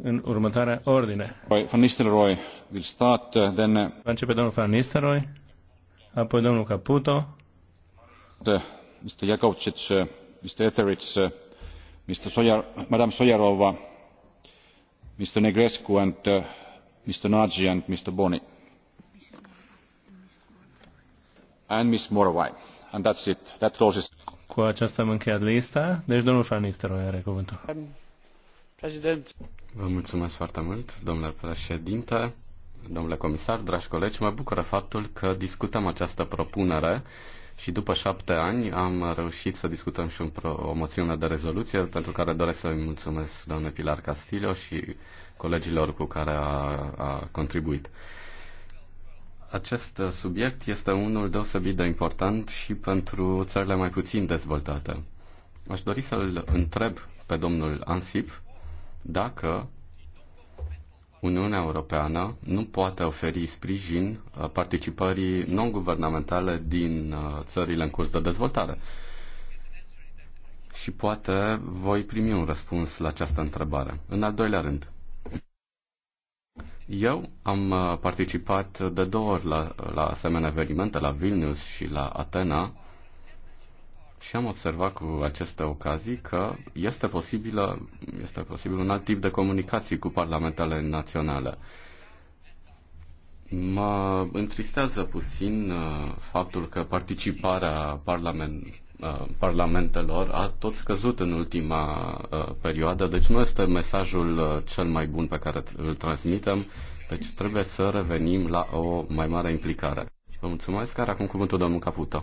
în următoarea ordine. Van Nistelrooy will start, uh, then... Uh, Va începe domnul Van Nistelrooy, apoi domnul Caputo.
The, uh, Mr. Jakovcic, uh, Mr. Etheridge, uh, Mr. Sojar, Madame Sojarova, Mr. Negrescu and uh, Mr. Nagy and Mr. Boni.
Cu aceasta am încheiat lista. Deci domnul Fanisteroi are cuvântul.
Um, President. Vă mulțumesc foarte mult, domnule președinte, domnule comisar, dragi colegi. Mă bucură faptul că discutăm această propunere și după șapte ani am reușit să discutăm și un pro, o moțiune de rezoluție pentru care doresc să-i mulțumesc doamne Pilar Castillo și colegilor cu care a, a contribuit. Acest uh, subiect este unul deosebit de important și pentru țările mai puțin dezvoltate. Aș dori să-l întreb pe domnul Ansip dacă Uniunea Europeană nu poate oferi sprijin uh, participării non-guvernamentale din uh, țările în curs de dezvoltare. Și poate voi primi un răspuns la această întrebare. În al doilea rând, eu am uh, participat de două ori la, la asemenea evenimente, la Vilnius și la Atena, și am observat cu aceste ocazii că este, posibilă, este posibil un alt tip de comunicații cu parlamentele naționale. Mă întristează puțin uh, faptul că participarea parlament, Uh, parlamentelor a tot scăzut în ultima uh, perioadă, deci nu este mesajul uh, cel mai bun pe care îl transmitem, deci trebuie să revenim la o mai mare implicare. Vă mulțumesc, care acum cuvântul domnul Caputo.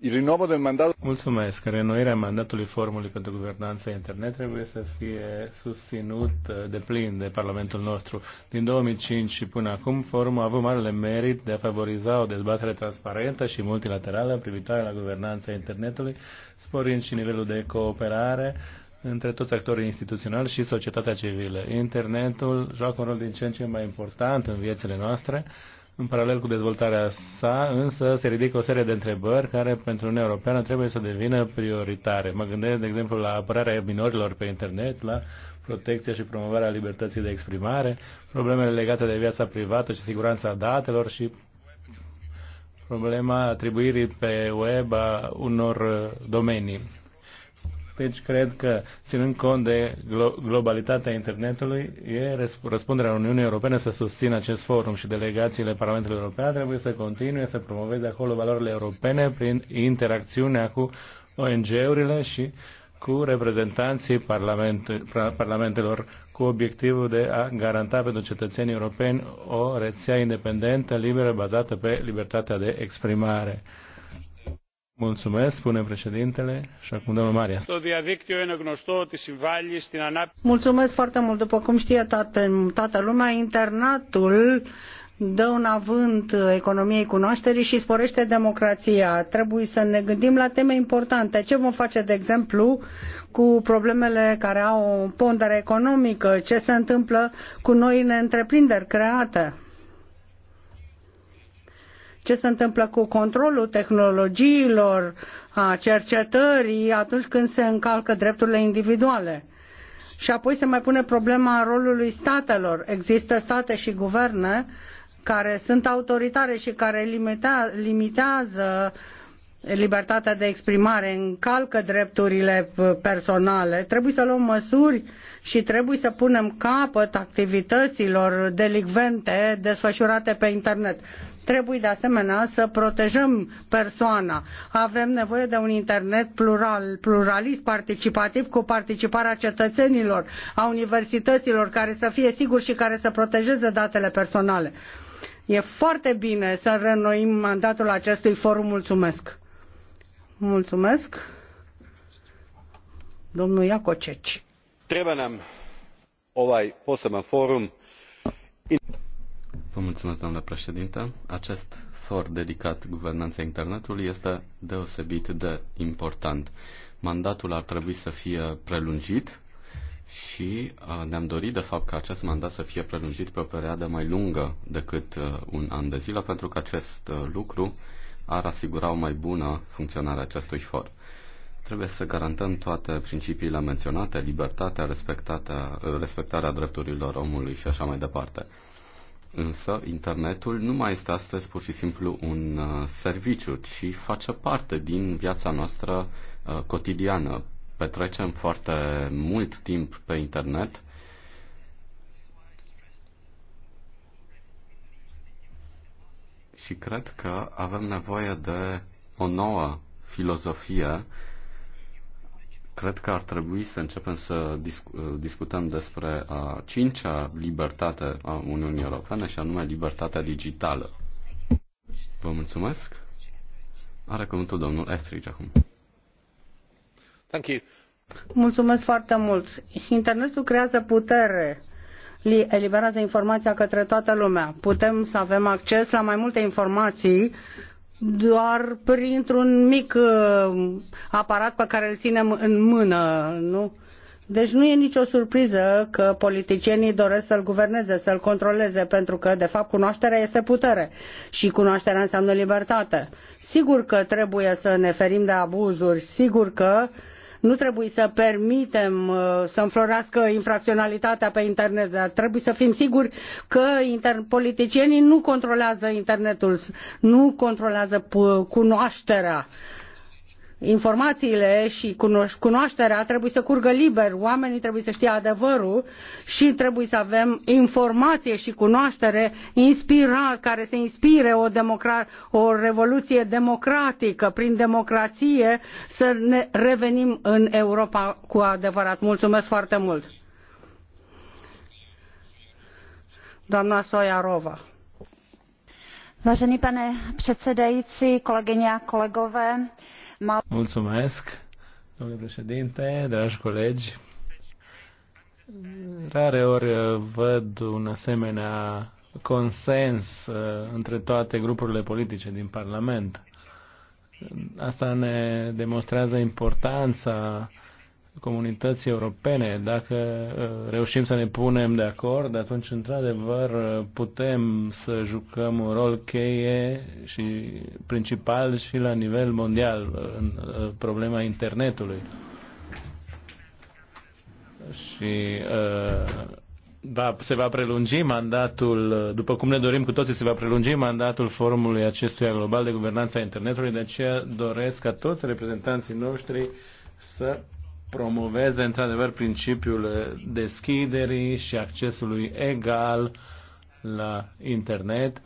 Il rinnovo del mandato... Mulțumesc. Renoirea mandatului formului pentru guvernanța internet trebuie să fie susținut uh, de plin de Parlamentul nostru. Din 2005 și până acum, forumul a avut marele merit de a favoriza o dezbatere transparentă și multilaterală privitoare la guvernanța internetului, sporind și nivelul de cooperare între toți actorii instituționali și societatea civilă. Internetul joacă un rol din ce în ce mai important în viețile noastre, în paralel cu dezvoltarea sa, însă, se ridică o serie de întrebări care pentru Uniunea Europeană trebuie să devină prioritare. Mă gândesc, de exemplu, la apărarea minorilor pe internet, la protecția și promovarea libertății de exprimare, problemele legate de viața privată și siguranța datelor și problema atribuirii pe web a unor domenii deci cred că, ținând cont de globalitatea internetului, e răspunderea Uniunii Europene să susțină acest forum și delegațiile Parlamentului European trebuie să continue să promoveze acolo valorile europene prin interacțiunea cu ONG-urile și cu reprezentanții parlament, parlamentelor cu obiectivul de a garanta pentru cetățenii europeni o rețea independentă, liberă, bazată pe libertatea de exprimare. Mulțumesc, spune președintele. Și acum domnul Maria.
Mulțumesc foarte mult. După cum știe toată, toată lumea, internatul dă un avânt economiei cunoașterii și sporește democrația. Trebuie să ne gândim la teme importante. Ce vom face, de exemplu, cu problemele care au o pondere economică? Ce se întâmplă cu noile întreprinderi create? ce se întâmplă cu controlul tehnologiilor, a cercetării atunci când se încalcă drepturile individuale. Și apoi se mai pune problema rolului statelor. Există state și guverne care sunt autoritare și care limita, limitează libertatea de exprimare, încalcă drepturile personale. Trebuie să luăm măsuri și trebuie să punem capăt activităților delicvente desfășurate pe internet. Trebuie de asemenea să protejăm persoana. Avem nevoie de un internet plural, pluralist, participativ, cu participarea cetățenilor, a universităților, care să fie siguri și care să protejeze datele personale. E foarte bine să reînnoim mandatul acestui forum. Mulțumesc! Mulțumesc!
Domnul Iacoceci.
Trebuie nam ovaj poseban forum
Vă mulțumesc, doamnă președinte. Acest for dedicat guvernanței internetului este deosebit de important. Mandatul ar trebui să fie prelungit și uh, ne-am dorit, de fapt, ca acest mandat să fie prelungit pe o perioadă mai lungă decât uh, un an de zile, pentru că acest uh, lucru ar asigura o mai bună funcționare a acestui for. Trebuie să garantăm toate principiile menționate, libertatea, respectarea drepturilor omului și așa mai departe. Însă internetul nu mai este astăzi pur și simplu un uh, serviciu, ci face parte din viața noastră uh, cotidiană. Petrecem foarte mult timp pe internet și cred că avem nevoie de o nouă filozofie Cred că ar trebui să începem să discu- uh, discutăm despre a cincea libertate a Uniunii Europene și anume libertatea digitală. Vă mulțumesc. Are cuvântul domnul Etheridge acum. Thank you.
Mulțumesc foarte mult. Internetul creează putere eliberează informația către toată lumea. Putem să avem acces la mai multe informații doar printr-un mic uh, aparat pe care îl ținem în mână, nu? Deci nu e nicio surpriză că politicienii doresc să-l guverneze, să-l controleze, pentru că, de fapt, cunoașterea este putere și cunoașterea înseamnă libertate. Sigur că trebuie să ne ferim de abuzuri, sigur că uh, nu trebuie să permitem uh, să înflorească infracționalitatea pe internet, dar trebuie să fim siguri că politicienii nu controlează internetul, nu controlează cunoașterea informațiile și cunoașterea trebuie să curgă liber, oamenii trebuie să știe adevărul și trebuie să avem informație și cunoaștere inspira, care să inspire o, democra- o revoluție democratică, prin democrație să ne revenim în Europa cu adevărat. Mulțumesc foarte mult! Doamna Sojarova. Vážený pane předsedající, kolegyně a kolegové, Mulțumesc,
domnule președinte, dragi colegi. Rare ori uh, văd un asemenea consens uh, între toate grupurile politice din Parlament. Asta ne demonstrează importanța comunității europene. Dacă uh, reușim să ne punem de acord, atunci, într-adevăr, uh, putem să jucăm un rol cheie și principal și la nivel mondial uh, în problema internetului. Și da, se va prelungi mandatul, după cum ne dorim cu toții, se va prelungi mandatul forumului acestuia global de guvernanță a internetului, de aceea doresc ca toți reprezentanții noștri să promoveze într-adevăr principiul deschiderii și accesului egal la internet,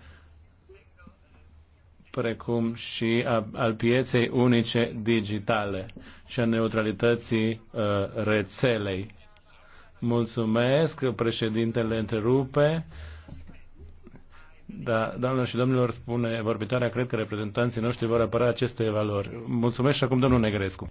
precum și a, al pieței unice digitale și a neutralității a, uh, rețelei. Mulțumesc, președintele întrerupe. Da, doamnelor și domnilor, spune vorbitoarea, cred că reprezentanții noștri vor apăra aceste valori. Mulțumesc și acum domnul Negrescu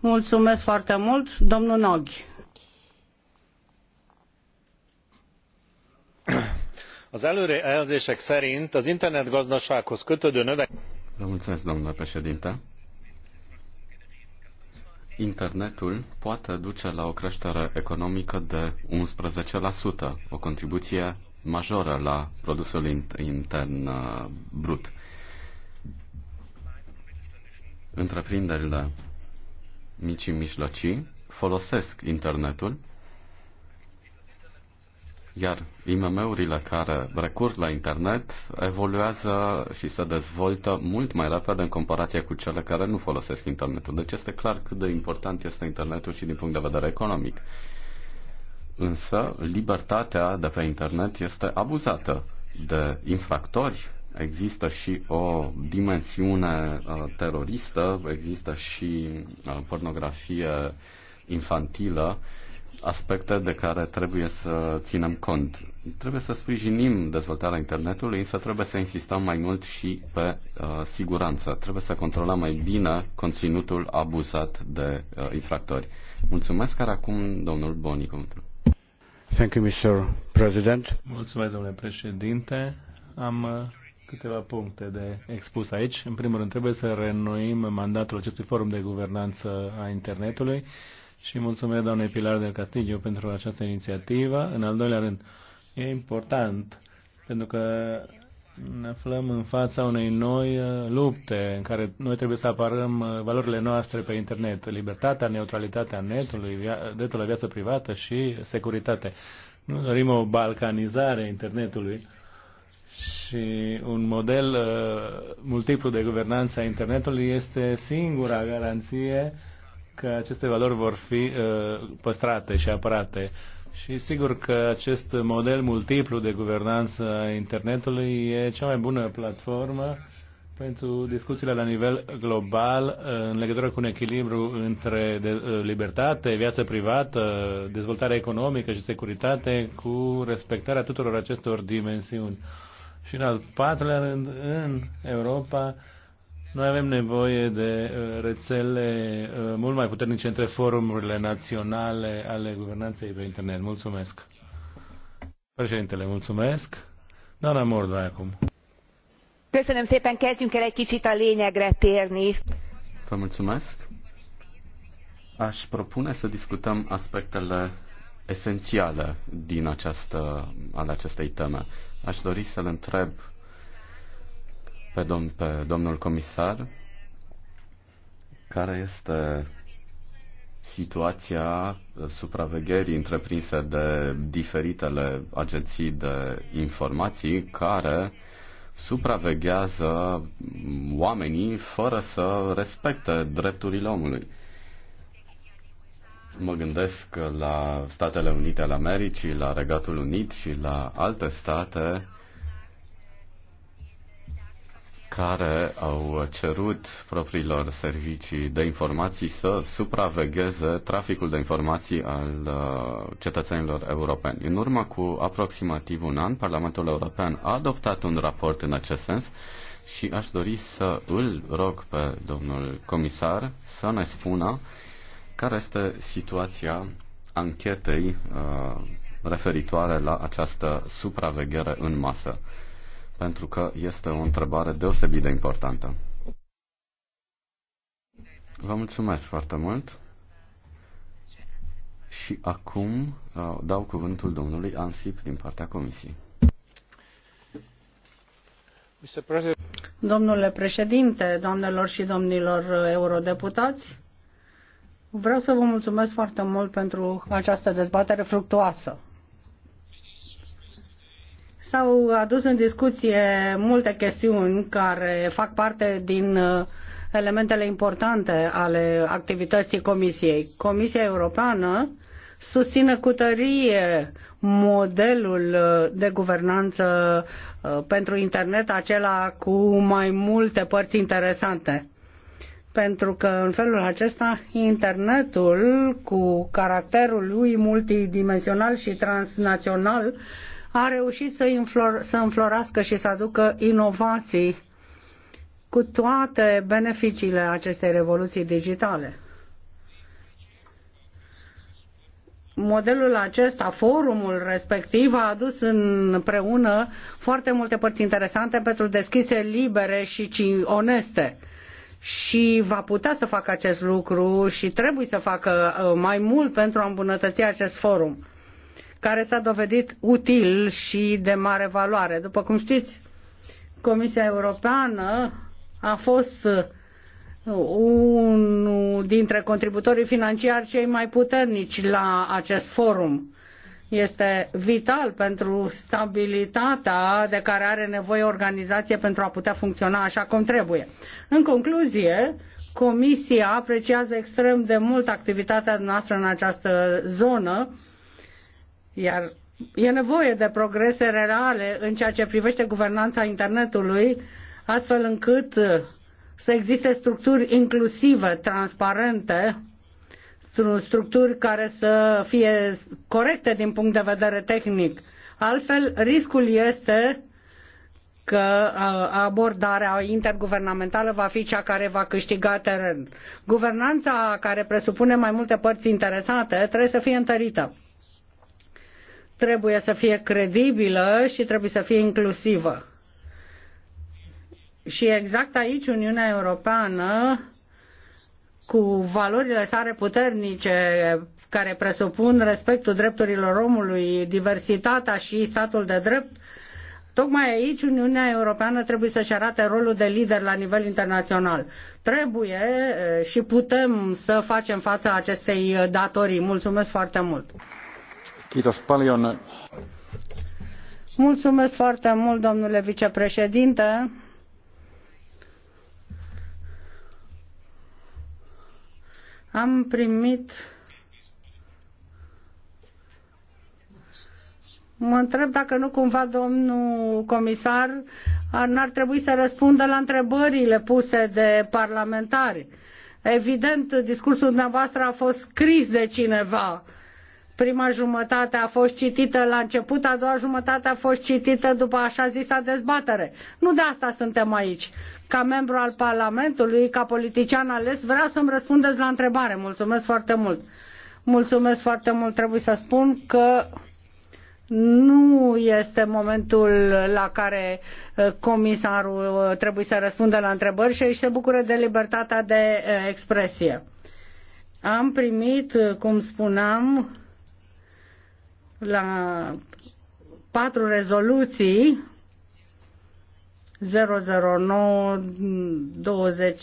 Mulțumesc foarte mult, domnul Noghi.
Az előrejelzések szerint az internetgazdasághoz kötődő
domnule președinte. Internetul poate duce la o creștere economică de 11%, o contribuție majoră la produsul intern uh, brut întreprinderile mici și mijlocii folosesc internetul, iar IMM-urile care recurg la internet evoluează și se dezvoltă mult mai repede în comparație cu cele care nu folosesc internetul. Deci este clar cât de important este internetul și din punct de vedere economic. Însă, libertatea de pe internet este abuzată de infractori există și o dimensiune uh, teroristă, există și uh, pornografie infantilă, aspecte de care trebuie să ținem cont. Trebuie să sprijinim dezvoltarea internetului, însă trebuie să insistăm mai mult și pe uh, siguranță. Trebuie să controlăm mai bine conținutul abuzat de uh, infractori. Mulțumesc, care acum domnul Boni. Thank you, Mr. President.
Mulțumesc, domnule președinte. Am uh, câteva puncte de expus aici. În primul rând, trebuie să reînnoim mandatul acestui forum de guvernanță a internetului și mulțumesc doamnei Pilar del Castillo pentru această inițiativă. În al doilea rând, e important pentru că ne aflăm în fața unei noi uh, lupte în care noi trebuie să apărăm uh, valorile noastre pe internet, libertatea, neutralitatea netului, dreptul la viață privată și securitate. Nu dorim o balcanizare a internetului și un model uh, multiplu de guvernanță a internetului este singura garanție că aceste valori vor fi uh, păstrate și apărate. Și sigur că acest model multiplu de guvernanță a internetului e cea mai bună platformă pentru discuțiile la nivel global uh, în legătură cu un echilibru între libertate, viață privată, dezvoltare economică și securitate cu respectarea tuturor acestor dimensiuni. Și în al patrulea rând, în Europa, noi avem nevoie de uh, rețele uh, mult mai puternice între forumurile naționale ale guvernanței pe internet. Mulțumesc. Președintele, mulțumesc.
Doamna Mordva acum.
Köszönöm szépen, kezdjünk el egy kicsit a lényegre térni.
Vă mulțumesc. Aș propune să discutăm aspectele esențiale din această, ale acestei teme. Aș dori să-l întreb pe, domn, pe domnul comisar care este situația supravegherii întreprinse de diferitele agenții de informații care supraveghează oamenii fără să respecte drepturile omului. Mă gândesc la Statele Unite ale Americii, la Regatul Unit și la alte state care au cerut propriilor servicii de informații să supravegheze traficul de informații al uh, cetățenilor europeni. În urmă cu aproximativ un an, Parlamentul European a adoptat un raport în acest sens și aș dori să îl rog pe domnul comisar să ne spună uh, care este situația anchetei uh, referitoare la această supraveghere în masă? Pentru că este o întrebare deosebit de importantă. Vă mulțumesc foarte mult. Și acum uh, dau cuvântul domnului Ansip din partea Comisiei.
Domnule președinte, doamnelor și domnilor eurodeputați, Vreau să vă mulțumesc foarte mult pentru această dezbatere fructuoasă. S-au adus în discuție multe chestiuni care fac parte din uh, elementele importante ale activității Comisiei. Comisia Europeană susține cu tărie modelul uh, de guvernanță uh, pentru internet, acela cu mai multe părți interesante pentru că în felul acesta internetul cu caracterul lui multidimensional și transnațional a reușit să, înflor, să înflorească și să aducă inovații cu toate beneficiile acestei revoluții digitale. modelul acesta, forumul respectiv, a adus împreună foarte multe părți interesante pentru deschise libere și oneste și va putea să facă acest lucru și trebuie să facă uh, mai mult pentru a îmbunătăți acest forum, care s-a dovedit util și de mare valoare. După cum știți, Comisia Europeană a fost uh, unul dintre contributorii financiari cei mai puternici la acest forum este vital pentru stabilitatea de care are nevoie organizație pentru a putea funcționa așa cum trebuie. În concluzie, Comisia apreciază extrem de mult activitatea noastră în această zonă, iar e nevoie de progrese reale în ceea ce privește guvernanța internetului, astfel încât să existe structuri inclusive, transparente, structuri care să fie corecte din punct de vedere tehnic. Altfel, riscul este că abordarea interguvernamentală va fi cea care va câștiga teren. Guvernanța care presupune mai multe părți interesate trebuie să fie întărită. Trebuie să fie credibilă și trebuie să fie inclusivă. Și exact aici Uniunea Europeană cu valorile sale puternice care presupun respectul drepturilor omului, diversitatea și statul de drept, Tocmai aici Uniunea Europeană trebuie să-și arate rolul de lider la nivel internațional. Trebuie și putem să facem față acestei datorii. Mulțumesc foarte mult! Mulțumesc foarte mult, domnule vicepreședinte! Am primit Mă întreb dacă nu cumva domnul comisar n-ar trebui să răspundă la întrebările puse de parlamentari. Evident, discursul dumneavoastră a fost scris de cineva. Uh, Prima jumătate a fost citită la început, a doua jumătate a fost citită după așa zisa dezbatere. Nu de asta suntem aici. Ca membru al Parlamentului, ca politician ales, vreau să-mi răspundeți la întrebare. Mulțumesc foarte mult. Mulțumesc foarte mult. Trebuie să spun că nu este momentul la care uh, comisarul uh, trebuie să răspundă la întrebări și se bucură de libertatea de uh, expresie. Am primit, cum spuneam, la patru rezoluții 009 20